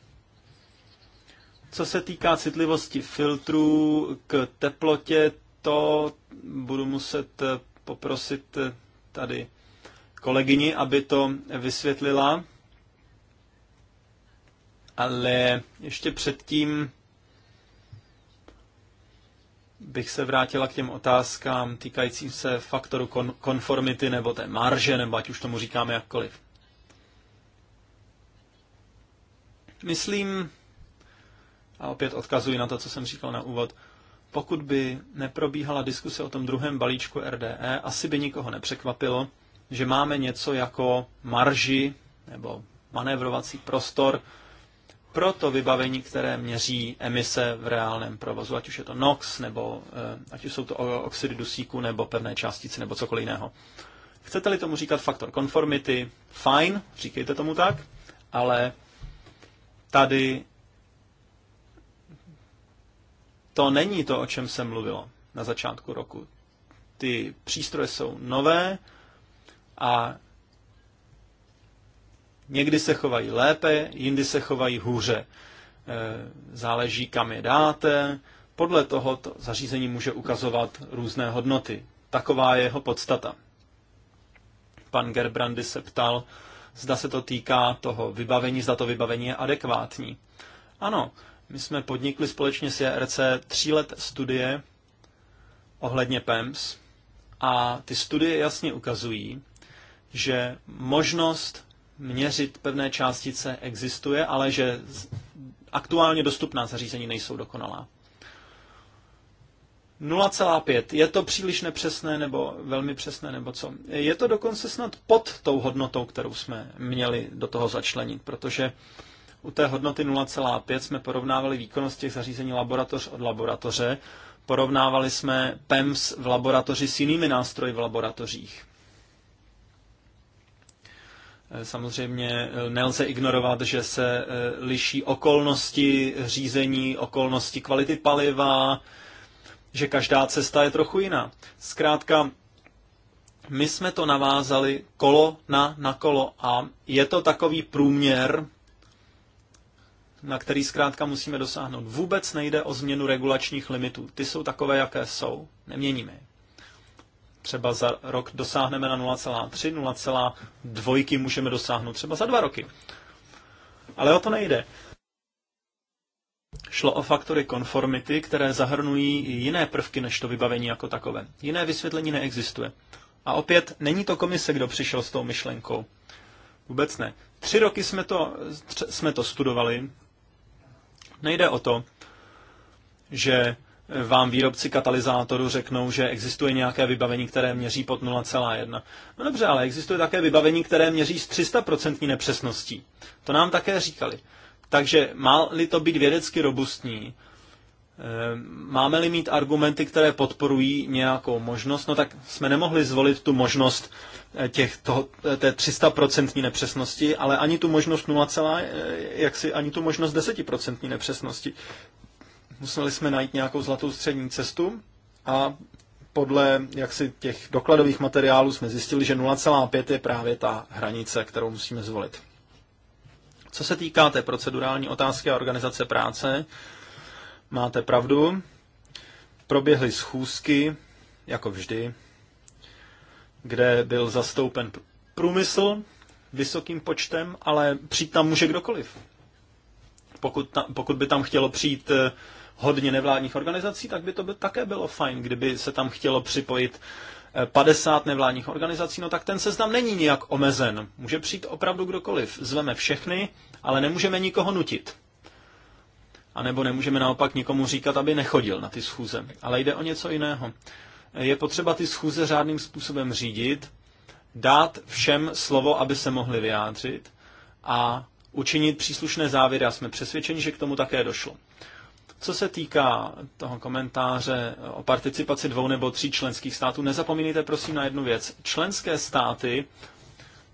Co se týká citlivosti filtrů k teplotě, to budu muset poprosit tady kolegyni, aby to vysvětlila. Ale ještě předtím bych se vrátila k těm otázkám týkajícím se faktoru kon- konformity nebo té marže, nebo ať už tomu říkáme jakkoliv. Myslím, a opět odkazuji na to, co jsem říkal na úvod, pokud by neprobíhala diskuse o tom druhém balíčku RDE, asi by nikoho nepřekvapilo, že máme něco jako marži nebo manévrovací prostor pro to vybavení, které měří emise v reálném provozu, ať už je to NOx, nebo eh, ať už jsou to oxidy dusíku, nebo pevné částice, nebo cokoliv jiného. Chcete-li tomu říkat faktor konformity, fajn, říkejte tomu tak, ale tady to není to, o čem se mluvilo na začátku roku. Ty přístroje jsou nové, a někdy se chovají lépe, jindy se chovají hůře. E, záleží, kam je dáte. Podle toho to zařízení může ukazovat různé hodnoty. Taková je jeho podstata. Pan Gerbrandy se ptal, zda se to týká toho vybavení, zda to vybavení je adekvátní. Ano, my jsme podnikli společně s JRC tří let studie ohledně PEMS a ty studie jasně ukazují, že možnost měřit pevné částice existuje, ale že aktuálně dostupná zařízení nejsou dokonalá. 0,5. Je to příliš nepřesné nebo velmi přesné nebo co? Je to dokonce snad pod tou hodnotou, kterou jsme měli do toho začlenit, protože u té hodnoty 0,5 jsme porovnávali výkonnost těch zařízení laboratoř od laboratoře, porovnávali jsme PEMS v laboratoři s jinými nástroji v laboratořích. Eh, samozřejmě eh, nelze ignorovat, že se eh, liší okolnosti řízení, okolnosti kvality paliva, že každá cesta je trochu jiná. Zkrátka, my jsme to navázali kolo na, na kolo a je to takový průměr, na který zkrátka musíme dosáhnout. Vůbec nejde o změnu regulačních limitů. Ty jsou takové, jaké jsou. Neměníme je. Třeba za rok dosáhneme na 0,3, 0,2 můžeme dosáhnout třeba za dva roky. Ale o to nejde. Šlo o faktory konformity, které zahrnují i jiné prvky než to vybavení jako takové. Jiné vysvětlení neexistuje. A opět, není to komise, kdo přišel s tou myšlenkou. Vůbec ne. Tři roky jsme to, tři, jsme to studovali. Nejde o to, že vám výrobci katalyzátoru řeknou, že existuje nějaké vybavení, které měří pod 0,1. No dobře, ale existuje také vybavení, které měří s 300% nepřesností. To nám také říkali. Takže má-li to být vědecky robustní, eh, máme-li mít argumenty, které podporují nějakou možnost, no tak jsme nemohli zvolit tu možnost eh, těch, toho, eh, té 300% nepřesnosti, ale ani tu možnost 0, jaksi, ani tu možnost 10% nepřesnosti. Museli jsme najít nějakou zlatou střední cestu a podle jaksi těch dokladových materiálů jsme zjistili, že 0,5 je právě ta hranice, kterou musíme zvolit. Co se týká té procedurální otázky a organizace práce, máte pravdu. Proběhly schůzky, jako vždy, kde byl zastoupen průmysl vysokým počtem, ale přijít tam může kdokoliv. Pokud, ta, pokud by tam chtělo přijít eh, hodně nevládních organizací, tak by to by také bylo fajn, kdyby se tam chtělo připojit 50 eh, nevládních organizací, no tak ten seznam není nijak omezen. Může přijít opravdu kdokoliv. Zveme všechny, ale nemůžeme nikoho nutit. A nebo nemůžeme naopak nikomu říkat, aby nechodil na ty schůze. Ale jde o něco jiného. Je potřeba ty schůze řádným způsobem řídit, dát všem slovo, aby se mohli vyjádřit a učinit příslušné závěry. A jsme přesvědčeni, že k tomu také došlo. Co se týká toho komentáře o participaci dvou nebo tří členských států, nezapomínejte prosím na jednu věc. Členské státy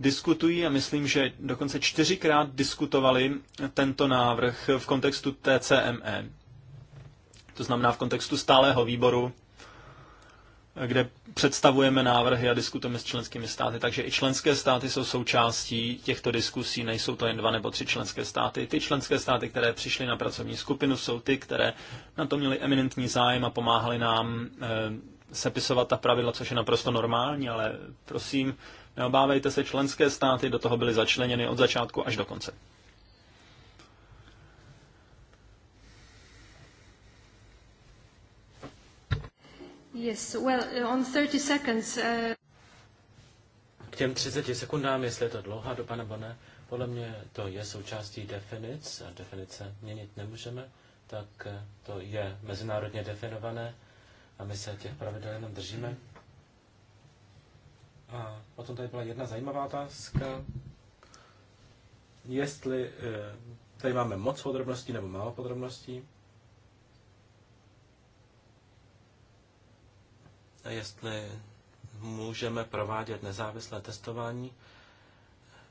diskutují a myslím, že dokonce čtyřikrát diskutovali tento návrh v kontextu TCME. To znamená v kontextu stálého výboru kde představujeme návrhy a diskutujeme s členskými státy. Takže i členské státy jsou součástí těchto diskusí, nejsou to jen dva nebo tři členské státy. Ty členské státy, které přišly na pracovní skupinu, jsou ty, které na to měly eminentní zájem a pomáhali nám eh, sepisovat ta pravidla, což je naprosto normální, ale prosím, neobávejte se, členské státy do toho byly začleněny od začátku až do konce. Yes, well, on 30 seconds, uh... K těm 30 sekundám, jestli je to dlouhá doba nebo ne, podle mě to je součástí definic a definice měnit nemůžeme, tak eh, to je mezinárodně definované a my se těch pravidel jenom držíme. A potom tady byla jedna zajímavá otázka, jestli eh, tady máme moc podrobností nebo málo podrobností. jestli můžeme provádět nezávislé testování.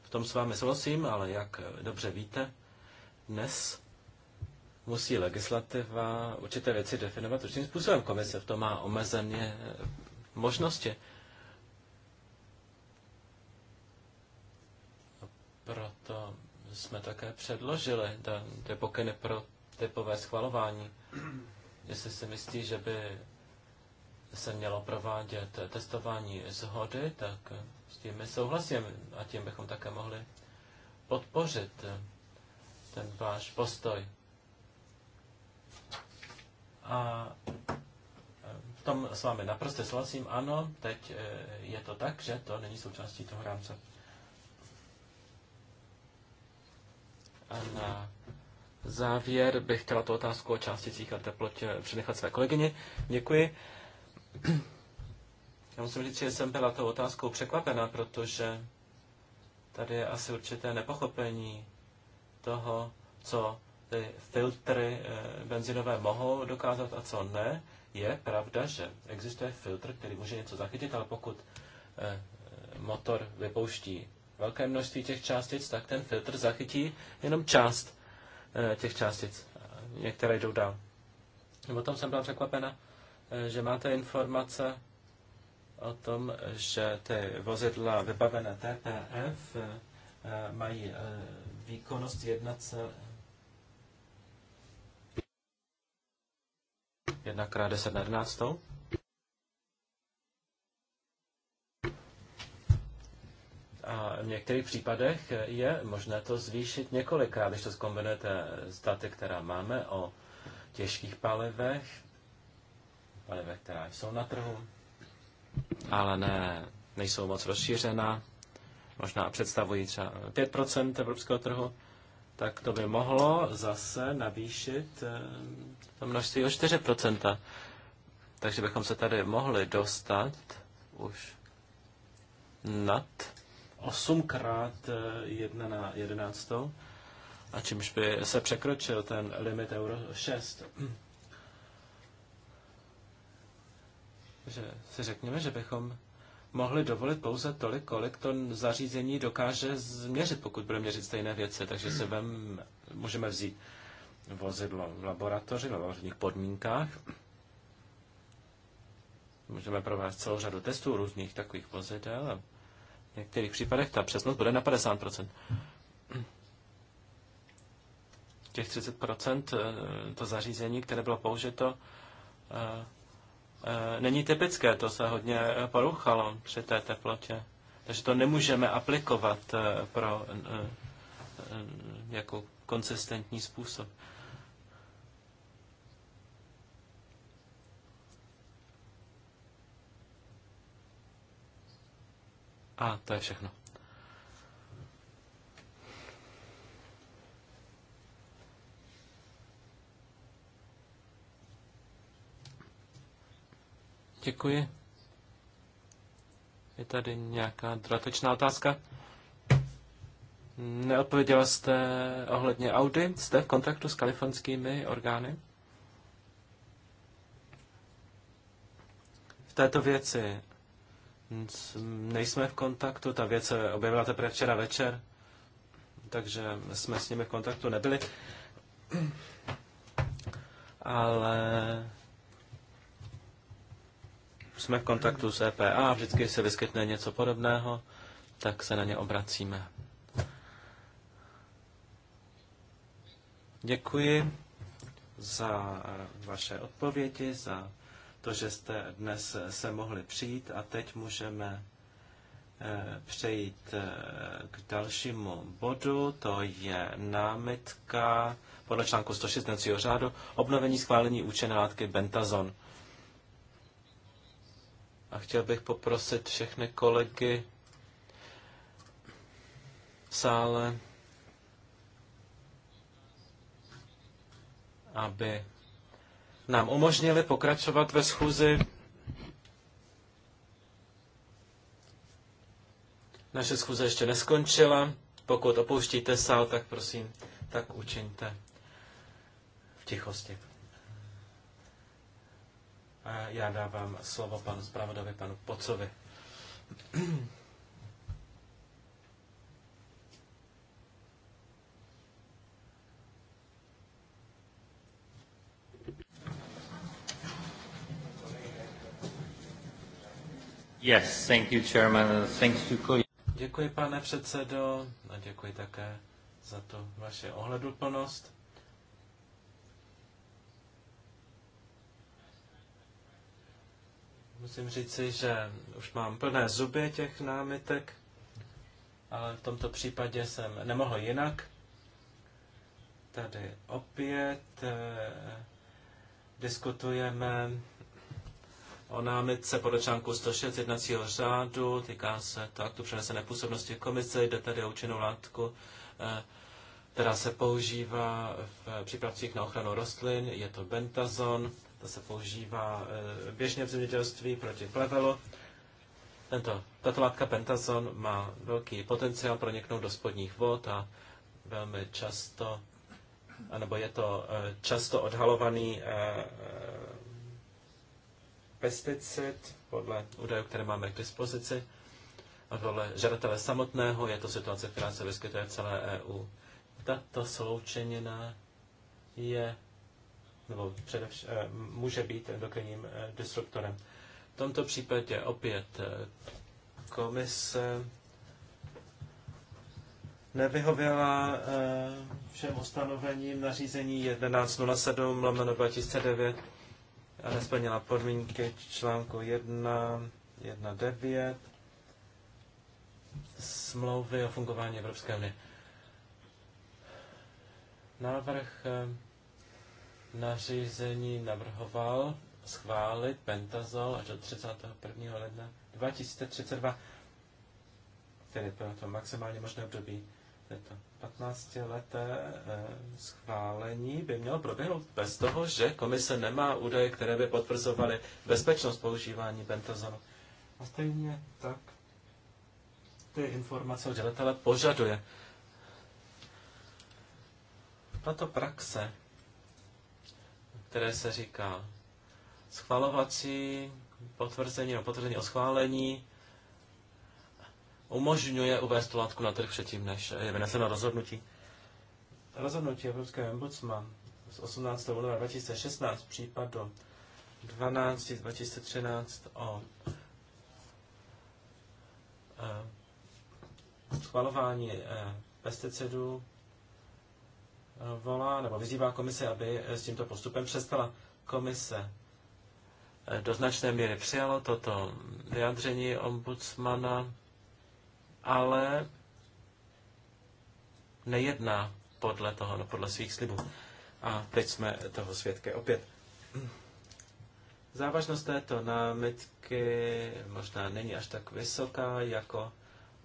V tom s vámi souhlasím, ale jak dobře víte, dnes musí legislativa určité věci definovat určitým způsobem. Komise v tom má omezeně možnosti. Proto jsme také předložili ty pokyny pro typové schvalování. Jestli si myslí, že by se mělo provádět testování zhody, tak s tím my souhlasím a tím bychom také mohli podpořit ten váš postoj. A eh, v tom s vámi naprosto souhlasím. Ano, teď eh, je to tak, že to není součástí toho rámce. A na závěr bych chtěla tu otázku o částicích a teplotě přenechat své kolegyně. Děkuji. Já musím říct, že jsem byla tou otázkou překvapena, protože tady je asi určité nepochopení toho, co ty filtry eh, benzinové mohou dokázat a co ne. Je pravda, že existuje filtr, který může něco zachytit, ale pokud eh, motor vypouští velké množství těch částic, tak ten filtr zachytí jenom část eh, těch částic. Některé jdou dál. Potom jsem byla překvapena, Eh, že máte informace o tom, že ty vozidla vybavené TPF eh, eh, mají výkonnost 1, 1 x 10 na 11. A v některých případech je možné to zvýšit několikrát, když to zkombinujete s daty, která máme o těžkých palivech, paliva, která jsou na trhu, ale ne, nejsou moc rozšířena, možná představují třeba 5% evropského trhu, tak to by mohlo zase navýšit eh, to množství o 4%. Takže bychom se tady mohli dostat už nad 8x 1 eh, na 11. A čímž by se překročil ten limit euro 6. že si řekněme, že bychom mohli dovolit pouze tolik, kolik to zařízení dokáže změřit, pokud bude měřit stejné věci. Takže se vem, můžeme vzít vozidlo v laboratoři, v laboratorních podmínkách. Můžeme provést celou řadu testů různých takových vozidel a v některých případech ta přesnost bude na 50%. Těch 30% eh, to zařízení, které bylo použito, eh, Eh, není typické, to se hodně eh, poruchalo při té teplotě. Takže to nemůžeme aplikovat eh, pro jako konsistentní způsob. A to je všechno. Děkuji. Je tady nějaká dodatečná otázka? Neodpověděla jste ohledně Audi? Jste v kontaktu s kalifornskými orgány? V této věci nejsme v kontaktu. Ta věc se objevila teprve včera večer, takže jsme s nimi v kontaktu nebyli. Ale jsme v kontaktu s EPA, vždycky se vyskytne něco podobného, tak se na ně obracíme. Děkuji za vaše odpovědi, za to, že jste dnes se mohli přijít a teď můžeme eh, přejít eh, k dalšímu bodu, to je námitka podle článku 116 řádu obnovení schválení účené látky Bentazon. A chtěl bych poprosit všechny kolegy v sále, aby nám umožnili pokračovat ve schůzi. Naše schůze ještě neskončila. Pokud opouštíte sál, tak prosím, tak učiňte v tichosti. A já dávám slovo panu zpravodovi, panu Pocovi. Yes, thank you, chairman. Thanks to... Děkuji, pane předsedo, a děkuji také za to vaše ohleduplnost. Musím říci, že už mám plné zuby těch námitek, ale v tomto případě jsem nemohl jinak. Tady opět eh, diskutujeme o námitce podle článku 106 jednacího řádu, týká se to aktu přenesené působnosti komise, jde tady o účinnou látku, eh, která se používá v přípravcích na ochranu rostlin, je to bentazon. To se používá eh, běžně v zemědělství proti plevelu. Tento, tato látka pentazon má velký potenciál proniknout do spodních vod a velmi často, anebo je to eh, často odhalovaný eh, pesticid, podle údajů, které máme k dispozici, a podle žadatele samotného je to situace, která se vyskytuje v celé EU. Tato sloučenina je nebo především eh, může být endokrinním eh, disruptorem. V tomto případě opět eh, komise nevyhověla všem ustanovením nařízení 1107 lomeno 2009 a nesplnila podmínky článku 1.19 smlouvy o fungování Evropské unie. Návrh nařízení navrhoval schválit pentazol až do 31. ledna 2032, tedy bylo to maximálně možné období této 15-leté eh, schválení by mělo proběhnout bez toho, že komise nemá údaje, které by potvrzovaly bezpečnost používání pentazolu. A stejně tak ty informace od žadatele požaduje. Tato praxe které se říká schvalovací potvrzení nebo potvrzení o schválení umožňuje uvést látku na trh předtím, než je vyneseno rozhodnutí. Rozhodnutí Evropské ombudsman z 18. února 2016 do 12. 2013 o eh, schvalování eh, pesticidů volá nebo vyzývá komise, aby s tímto postupem přestala. Komise eh, do značné míry přijalo toto vyjádření ombudsmana, ale nejedná podle toho, no podle svých slibů. A teď jsme toho svědky opět. Závažnost této námitky možná není až tak vysoká jako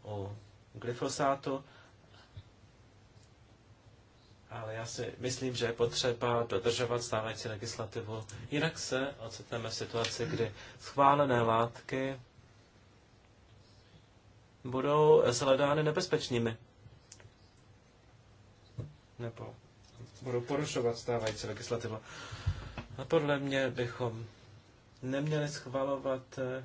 u glyfosátu, ale já si myslím, že je potřeba dodržovat stávající legislativu. Jinak se ocitneme v situaci, kdy schválené látky budou zhledány nebezpečnými. Nebo budou porušovat stávající legislativu. A podle mě bychom neměli schvalovat eh,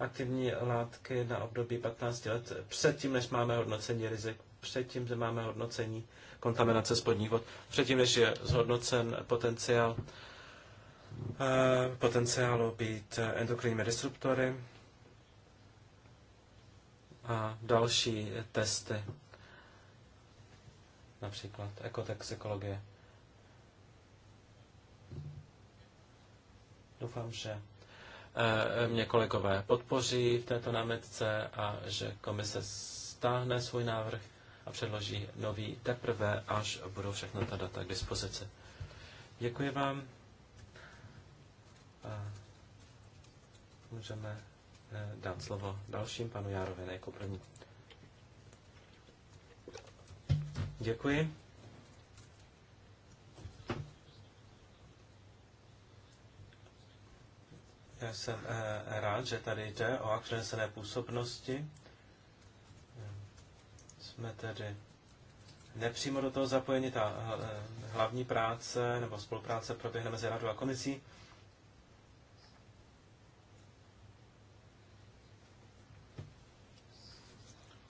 aktivní látky na období 15 let předtím, než máme hodnocení rizik, předtím, že máme hodnocení kontaminace spodních vod. Předtím, než je zhodnocen potenciál eh, potenciálu být endokrinními disruptory a další testy, například ekotoxikologie. Doufám, že eh, mě kolegové podpoří v této námitce a že komise stáhne svůj návrh a předloží nový teprve, až budou všechna ta data k dispozici. Děkuji vám. A můžeme eh, dát slovo dalším, panu Járovi jako první. Děkuji. Já jsem eh, rád, že tady jde o akřenesené působnosti jsme tedy nepřímo do toho zapojeni. Ta eh, hlavní práce nebo spolupráce proběhne mezi radou a komisí.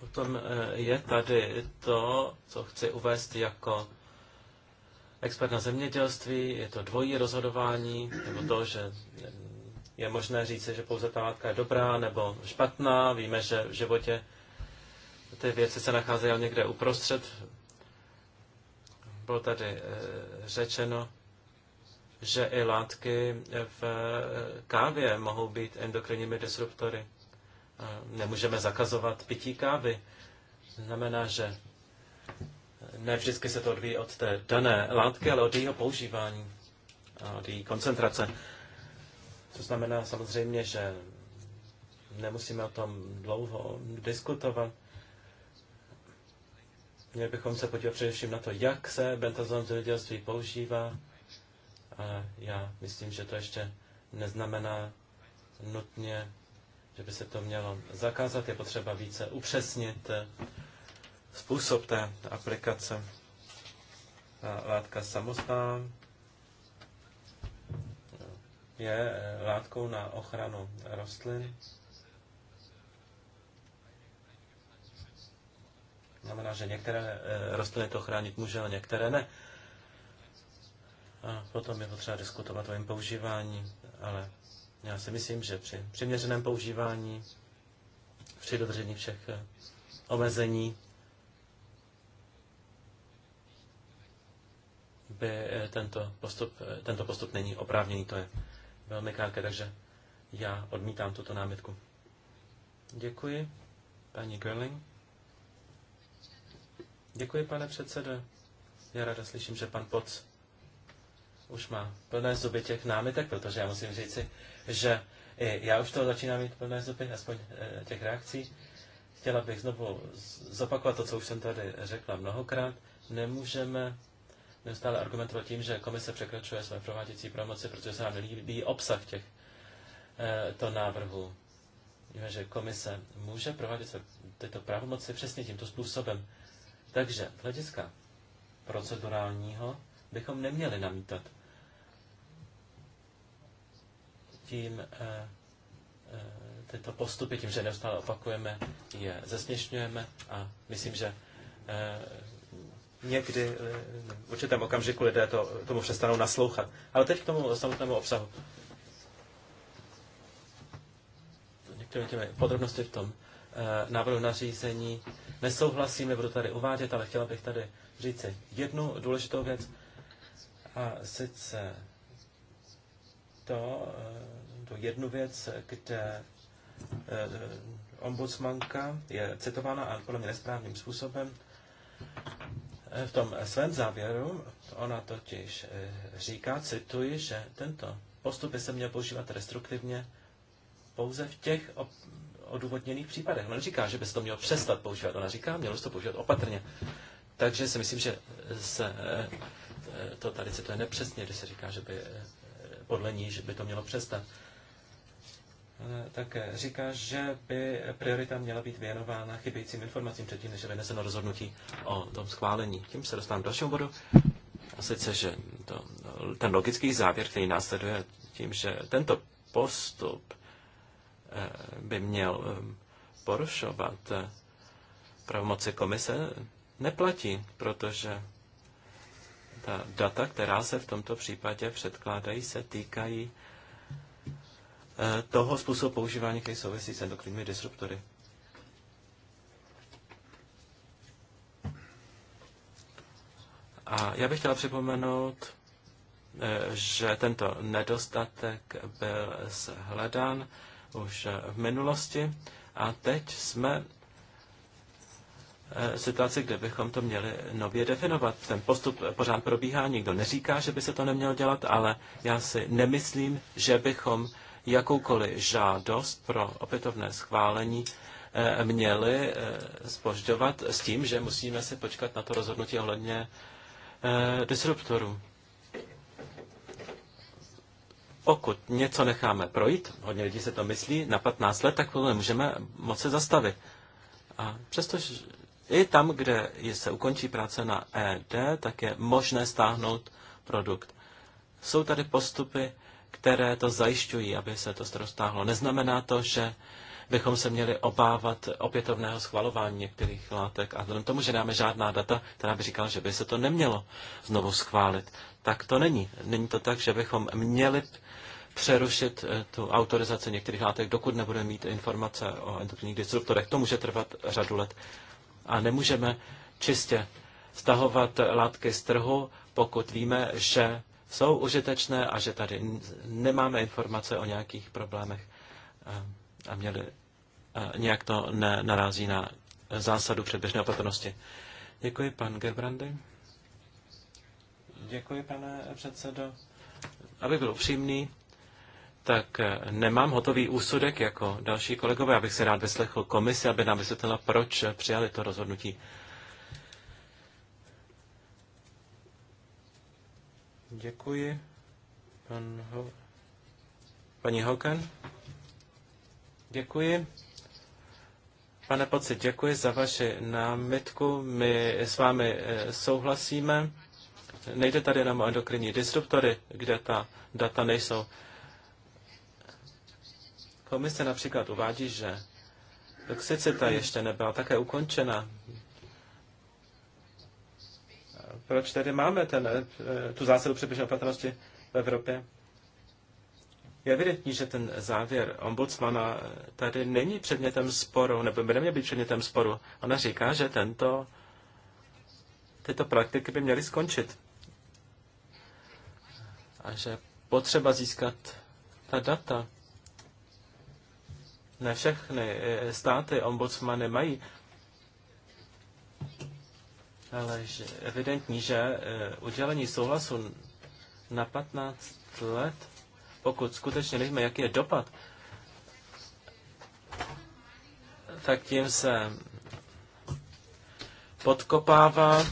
Potom eh, je tady to, co chci uvést jako expert na zemědělství, je to dvojí rozhodování, nebo to, že je možné říct, že pouze ta látka je dobrá nebo špatná. Víme, že v životě ty věci se nacházejí někde uprostřed. Bylo tady eh, řečeno, že i látky eh, v eh, kávě mohou být endokrinními disruptory. Nemůžeme zakazovat pití kávy. Znamená, že ne vždycky se to odvíjí od té dané látky, ale od jejího používání a od její koncentrace. To znamená samozřejmě, že nemusíme o tom dlouho diskutovat. Měli bychom se podívat především na to, jak se bentazon v zemědělství používá. A já myslím, že to ještě neznamená nutně, že by se to mělo zakázat. Je potřeba více upřesnit eh, způsob té aplikace. Ta látka samostá je eh, látkou na ochranu rostlin Znamená, že některé eh, rostliny to chránit může, ale některé ne. A potom je potřeba diskutovat o jejím používání, ale já si myslím, že při přiměřeném používání, při dodržení všech eh, omezení, by eh, tento postup, tento postup není oprávněný, to je velmi krátké, takže já odmítám tuto námitku. Děkuji, paní Gerling. Děkuji, pane předsedo. Já ráda slyším, že pan Poc už má plné zuby těch námitek, protože já musím říci, že já už to začínám mít plné zuby, aspoň eh, těch reakcí. Chtěla bych znovu zopakovat to, co už jsem tady řekla mnohokrát. Nemůžeme neustále argumentovat tím, že komise překračuje své prováděcí promoci, protože se nám líbí obsah těch eh, to návrhu. Víme, že komise může provádět tyto pravomoci přesně tímto způsobem. Takže z hlediska procedurálního bychom neměli namítat tím e, e, tyto postupy, tím, že neustále opakujeme, je zesměšňujeme a myslím, že e, někdy v určitém okamžiku lidé to, tomu přestanou naslouchat. Ale teď k tomu samotnému obsahu. Některé těmi podrobnosti v tom návrhu nařízení nesouhlasím, nebudu tady uvádět, ale chtěla bych tady říct jednu důležitou věc. A sice to, eh, to jednu věc, kde eh, ombudsmanka je citována a podle mě nesprávným způsobem. Eh, v tom svém závěru ona totiž říká, cituji, že tento postup by se měl používat restruktivně pouze v těch odůvodněných případech. Ona říká, že by se to mělo přestat používat. Ona říká, mělo se to používat opatrně. Takže si myslím, že se, eh, to tady se to je nepřesně, když se říká, že by eh, podle ní, že by to mělo přestat. Eh, tak říká, že by priorita měla být věnována chybějícím informacím předtím, než je vyneseno rozhodnutí o tom schválení. Tím se dostávám k dalšímu bodu. A sice, že to, ten logický závěr, který následuje tím, že tento postup Eh, by měl eh, porušovat eh, pravomoci komise, neplatí, protože ta data, která se v tomto případě předkládají, se týkají toho způsobu používání, který souvisí s endokrinními disruptory. A já bych chtěl připomenout, že tento nedostatek byl shledán už eh, v minulosti a teď jsme eh, situaci, kde bychom to měli nově definovat. Ten postup eh, pořád probíhá, nikdo neříká, že by se to nemělo dělat, ale já si nemyslím, že bychom jakoukoliv žádost pro opětovné schválení měli spožďovat s tím, že musíme si počkat na to rozhodnutí ohledně disruptorů pokud něco necháme projít, hodně lidí se to myslí, na 15 let, tak to nemůžeme moc se zastavit. A přesto i tam, kde se ukončí práce na ED, tak je možné stáhnout produkt. Jsou tady postupy, které to zajišťují, aby se to roztáhlo. Neznamená to, že bychom se měli obávat opětovného schvalování některých látek. A vzhledem tomu, že dáme žádná data, která by říkala, že by se to nemělo znovu schválit, tak to není. Není to tak, že bychom měli přerušit eh, tu autorizaci některých látek, dokud nebudeme mít informace o endokrinních disruptorech. To může trvat řadu let. A nemůžeme čistě stahovat látky z trhu, pokud víme, že jsou užitečné a že tady nemáme informace o nějakých problémech eh, a měli, a eh, nějak to ne, narazí na zásadu předběžné opatrnosti. Děkuji, pan Gerbrandy. Děkuji, pane předsedo. Aby byl upřímný, tak eh, nemám hotový úsudek jako další kolegové. Abych se rád vyslechl komisi, aby nám vysvětlila, proč přijali to rozhodnutí. Děkuji. Pan Ho- Paní Hoken. Děkuji. Pane Pocit, děkuji za vaši námitku. My s vámi eh, souhlasíme. Nejde tady jenom o endokrinní disruptory, kde ta data nejsou Komise například uvádí, že toxicita ještě nebyla také ukončena. Proč tedy máme ten, eh, tu zásadu předběžné opatrnosti v Evropě? Je evidentní, že ten závěr ombudsmana eh, tady není předmětem sporu, nebo by neměl být předmětem sporu. Ona říká, že tento, tyto praktiky by měly skončit. A že potřeba získat ta data ne všechny eh, státy ombudsmany mají, ale že evidentní, že eh, udělení souhlasu na 15 let, pokud skutečně nevíme, jaký je dopad, tak tím se podkopává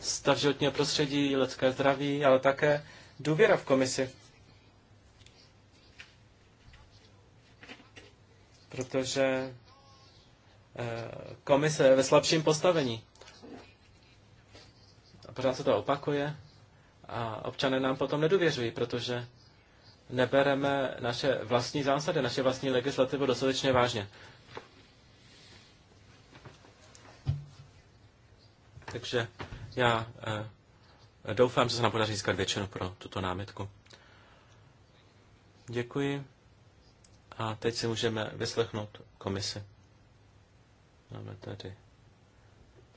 stav životního prostředí, lidské zdraví, ale také důvěra v komisi. protože eh, komise je ve slabším postavení. A pořád se to opakuje a občané nám potom nedůvěřují, protože nebereme naše vlastní zásady, naše vlastní legislativu dostatečně vážně. Takže já eh, doufám, že se nám podaří získat většinu pro tuto námitku. Děkuji. A teď si můžeme vyslechnout komisi. Máme tady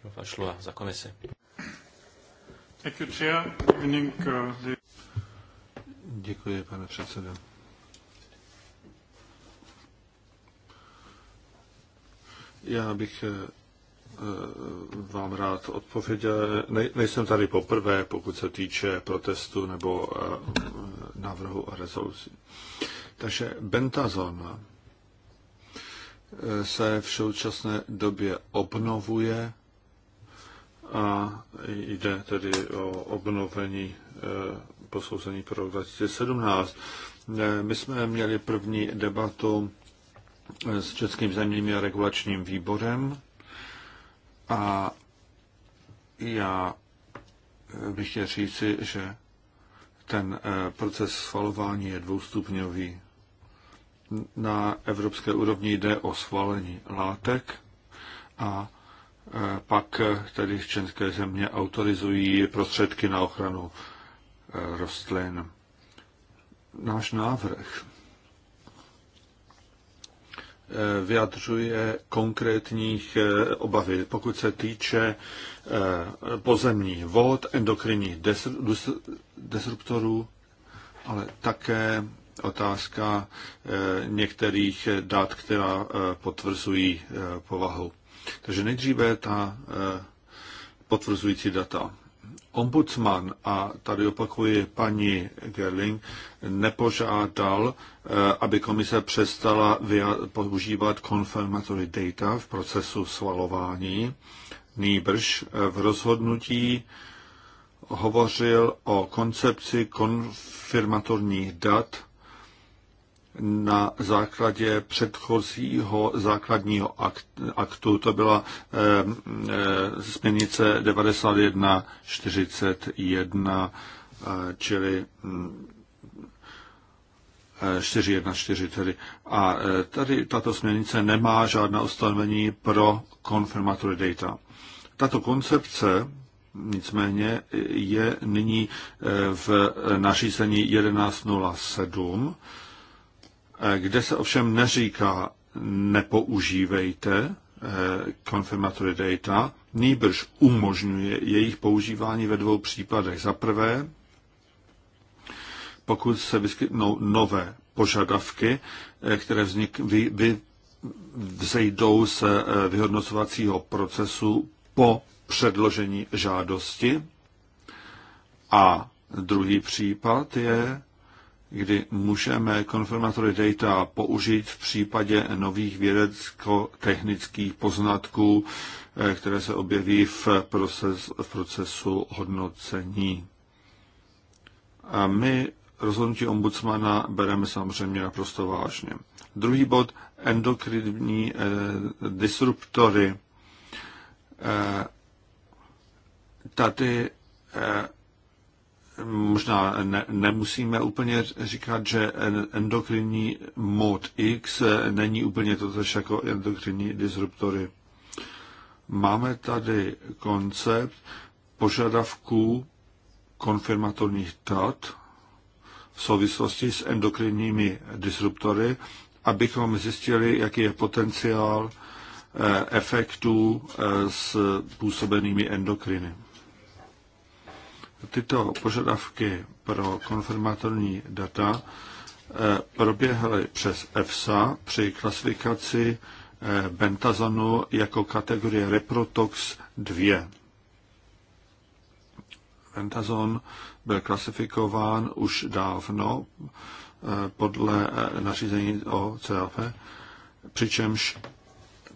profa Šlua za komisi. Uh, Děkuji, pane předsedo. Já bych eh, eh, vám rád odpověděl. Ne, nejsem tady poprvé, pokud se týče protestu nebo eh, návrhu a rezoluci. Takže bentazon se v současné době obnovuje a jde tedy o obnovení eh, posouzení pro 2017. Eh, my jsme měli první debatu eh, s Českým zemním a regulačním výborem a já bych chtěl říci, že ten proces schvalování je dvoustupňový na evropské úrovni jde o schválení látek a e, pak tedy české země autorizují prostředky na ochranu e, rostlin. Náš návrh e, vyjadřuje konkrétních obavy, pokud se týče pozemních vod, endokrinních disruptorů, ale také otázka eh, některých dat, která eh, potvrzují eh, povahu. Takže nejdříve ta potvrzující data. Ombudsman, a tady opakuje paní Gerling, nepožádal, aby komise přestala používat confirmatory data v procesu svalování. Nýbrž v rozhodnutí hovořil o koncepci konfirmatorních dat na základě předchozího základního aktu, to byla e, e, směrnice 9141, e, čili 4.1.4 mm, e, A A e, tady tato směrnice nemá žádná ustanovení pro konfirmatory data. Tato koncepce nicméně je nyní e, v nařízení 1107, kde se ovšem neříká nepoužívejte eh, confirmatory data, nýbrž umožňuje jejich používání ve dvou případech. Za prvé, pokud se vyskytnou nové požadavky, eh, které vznik, vy, vy, vzejdou z eh, vyhodnocovacího procesu po předložení žádosti. A druhý případ je, kdy můžeme konfirmatory data použít v případě nových vědecko-technických poznatků, eh, které se objeví v, proces, v procesu hodnocení. A my rozhodnutí ombudsmana bereme samozřejmě naprosto vážně. Druhý bod, endokrinní eh, disruptory. Eh, tady eh, možná ne, nemusíme úplně říkat, že endokrinní mod X není úplně totož jako endokrinní disruptory. Máme tady koncept požadavků konfirmatorních dat v souvislosti s endokrinními disruptory, abychom zjistili, jaký je potenciál eh, efektů eh, s působenými endokriny tyto požadavky pro konfirmatorní data eh, proběhly přes EFSA při klasifikaci eh, bentazonu jako kategorie Reprotox 2. Bentazon byl klasifikován už dávno eh, podle nařízení o CAP, přičemž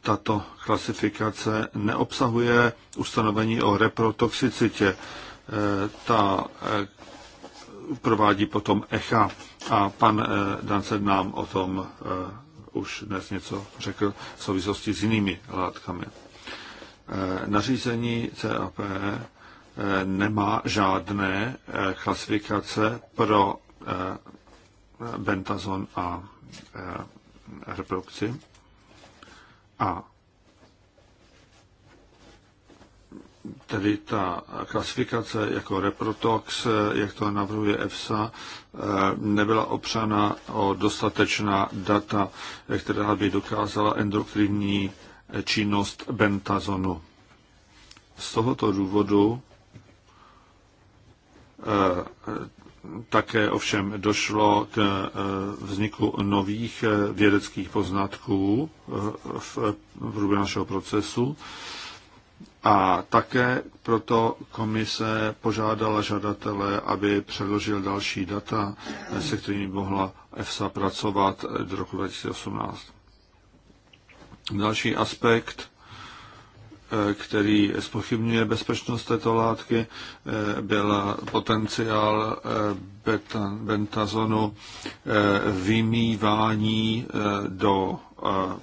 tato klasifikace neobsahuje ustanovení o reprotoxicitě. Eh, ta eh, provádí potom ECHA a pan eh, Dancer nám o tom už dnes něco řekl v souvislosti s jinými látkami. Nařízení CAP nemá žádné klasifikace pro bentazon a reprodukci. A tedy ta klasifikace jako reprotox, jak to navrhuje EFSA, eh, nebyla opřena o dostatečná data, která by dokázala endokrinní činnost bentazonu. Z tohoto důvodu eh, také ovšem došlo k eh, vzniku nových vědeckých poznatků v průběhu našeho procesu a také proto komise požádala žadatele, aby předložil další data, se kterými mohla EFSA pracovat do roku 2018. Další aspekt, eh, který spochybňuje bezpečnost této látky, eh, byl potenciál eh, bentazonu vymývání do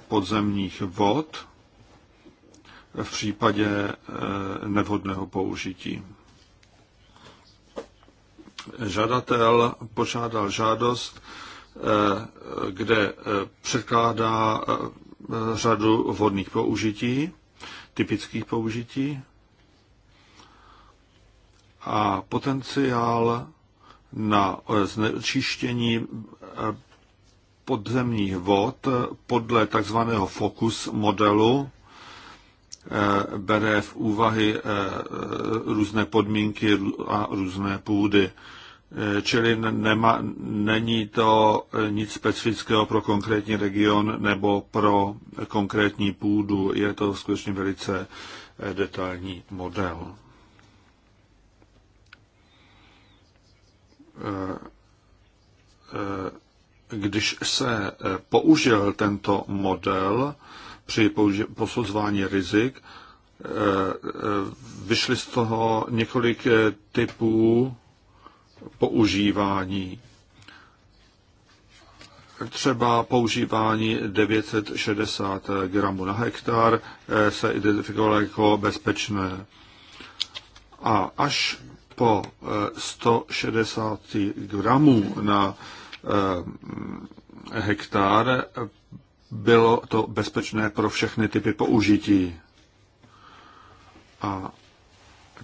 podzemních vod v případě eh, nevhodného použití. Žadatel požádal žádost, eh, kde eh, překládá řadu vhodných použití, typických použití a potenciál na znečištění podzemních vod podle takzvaného fokus modelu Eh, bere v úvahy eh, různé podmínky a různé půdy. Eh, čili nema, není to nic specifického pro konkrétní region nebo pro konkrétní půdu. Je to skutečně velice detailní model. Když se použil tento model, při posuzování rizik. E, e, vyšly z toho několik e, typů používání. Třeba používání 960 gramů na hektar se identifikovalo jako bezpečné. A až po 160 gramů na hektar bylo to bezpečné pro všechny typy použití. A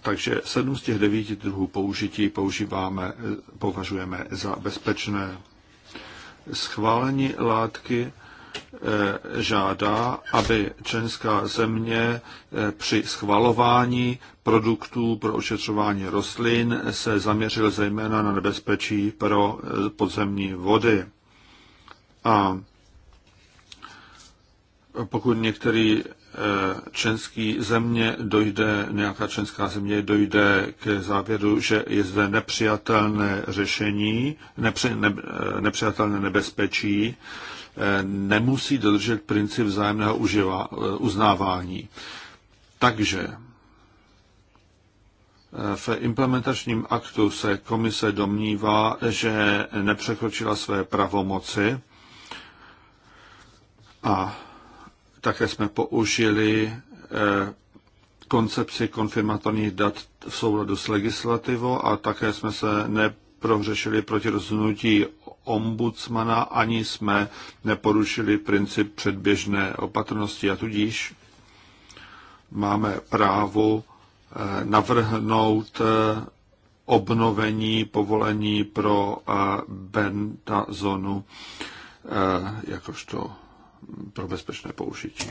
takže sedm z těch devíti druhů použití používáme, eh, považujeme za bezpečné. Schválení látky eh, žádá, aby členská země eh, při schvalování produktů pro ošetřování rostlin se zaměřil zejména na nebezpečí pro podzemní vody. A pokud některý eh, členský země dojde, nějaká členská země dojde k závěru, že je zde nepřijatelné řešení, nepři, ne, eh, nepřijatelné nebezpečí, eh, nemusí dodržet princip vzájemného uživa, uznávání. Takže v implementačním aktu se komise domnívá, že nepřekročila své pravomoci a také jsme použili eh, koncepci konfirmatorních dat v souladu s legislativou a také jsme se neprohřešili proti rozhodnutí ombudsmana, ani jsme neporušili princip předběžné opatrnosti a tudíž máme právo eh, navrhnout eh, obnovení povolení pro bentazonu jakožto pro bezpečné použití.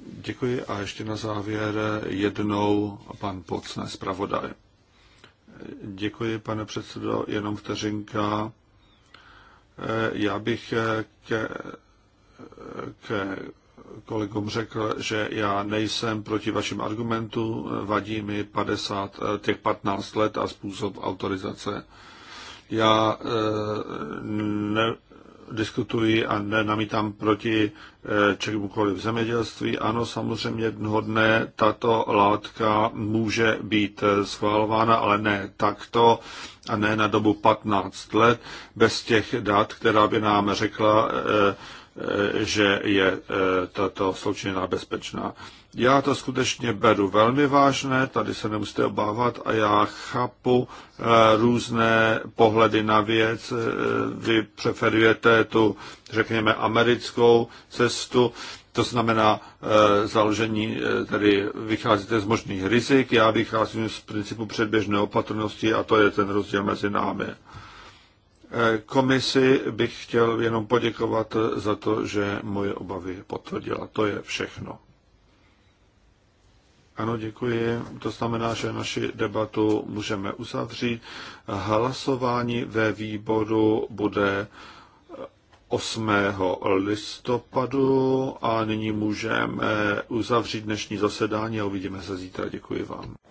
Děkuji a ještě na závěr jednou pan Pocné zpravodaj. Děkuji, pane předsedo, jenom vteřinka. Já bych ke, ke kolegům řekl, že já nejsem proti vašim argumentu, vadí mi 50, těch 15 let a způsob autorizace. Já eh, ne, diskutuji a nenamítám proti eh, čemukoliv v zemědělství. Ano, samozřejmě jednoho dne tato látka může být eh, schválována, ale ne takto a ne na dobu 15 let bez těch dat, která by nám řekla, eh, že je tato sloučenina bezpečná. Já to skutečně beru velmi vážné, tady se nemusíte obávat a já chápu eh, různé pohledy na věc. Eh, vy preferujete tu, řekněme, americkou cestu, to znamená eh, založení, tedy vycházíte z možných rizik, já vycházím z principu předběžné opatrnosti a to je ten rozdíl mezi námi. Komisi bych chtěl jenom poděkovat za to, že moje obavy potvrdila. To je všechno. Ano, děkuji. To znamená, že naši debatu můžeme uzavřít. Hlasování ve výboru bude 8. listopadu a nyní můžeme uzavřít dnešní zasedání a uvidíme se zítra. Děkuji vám.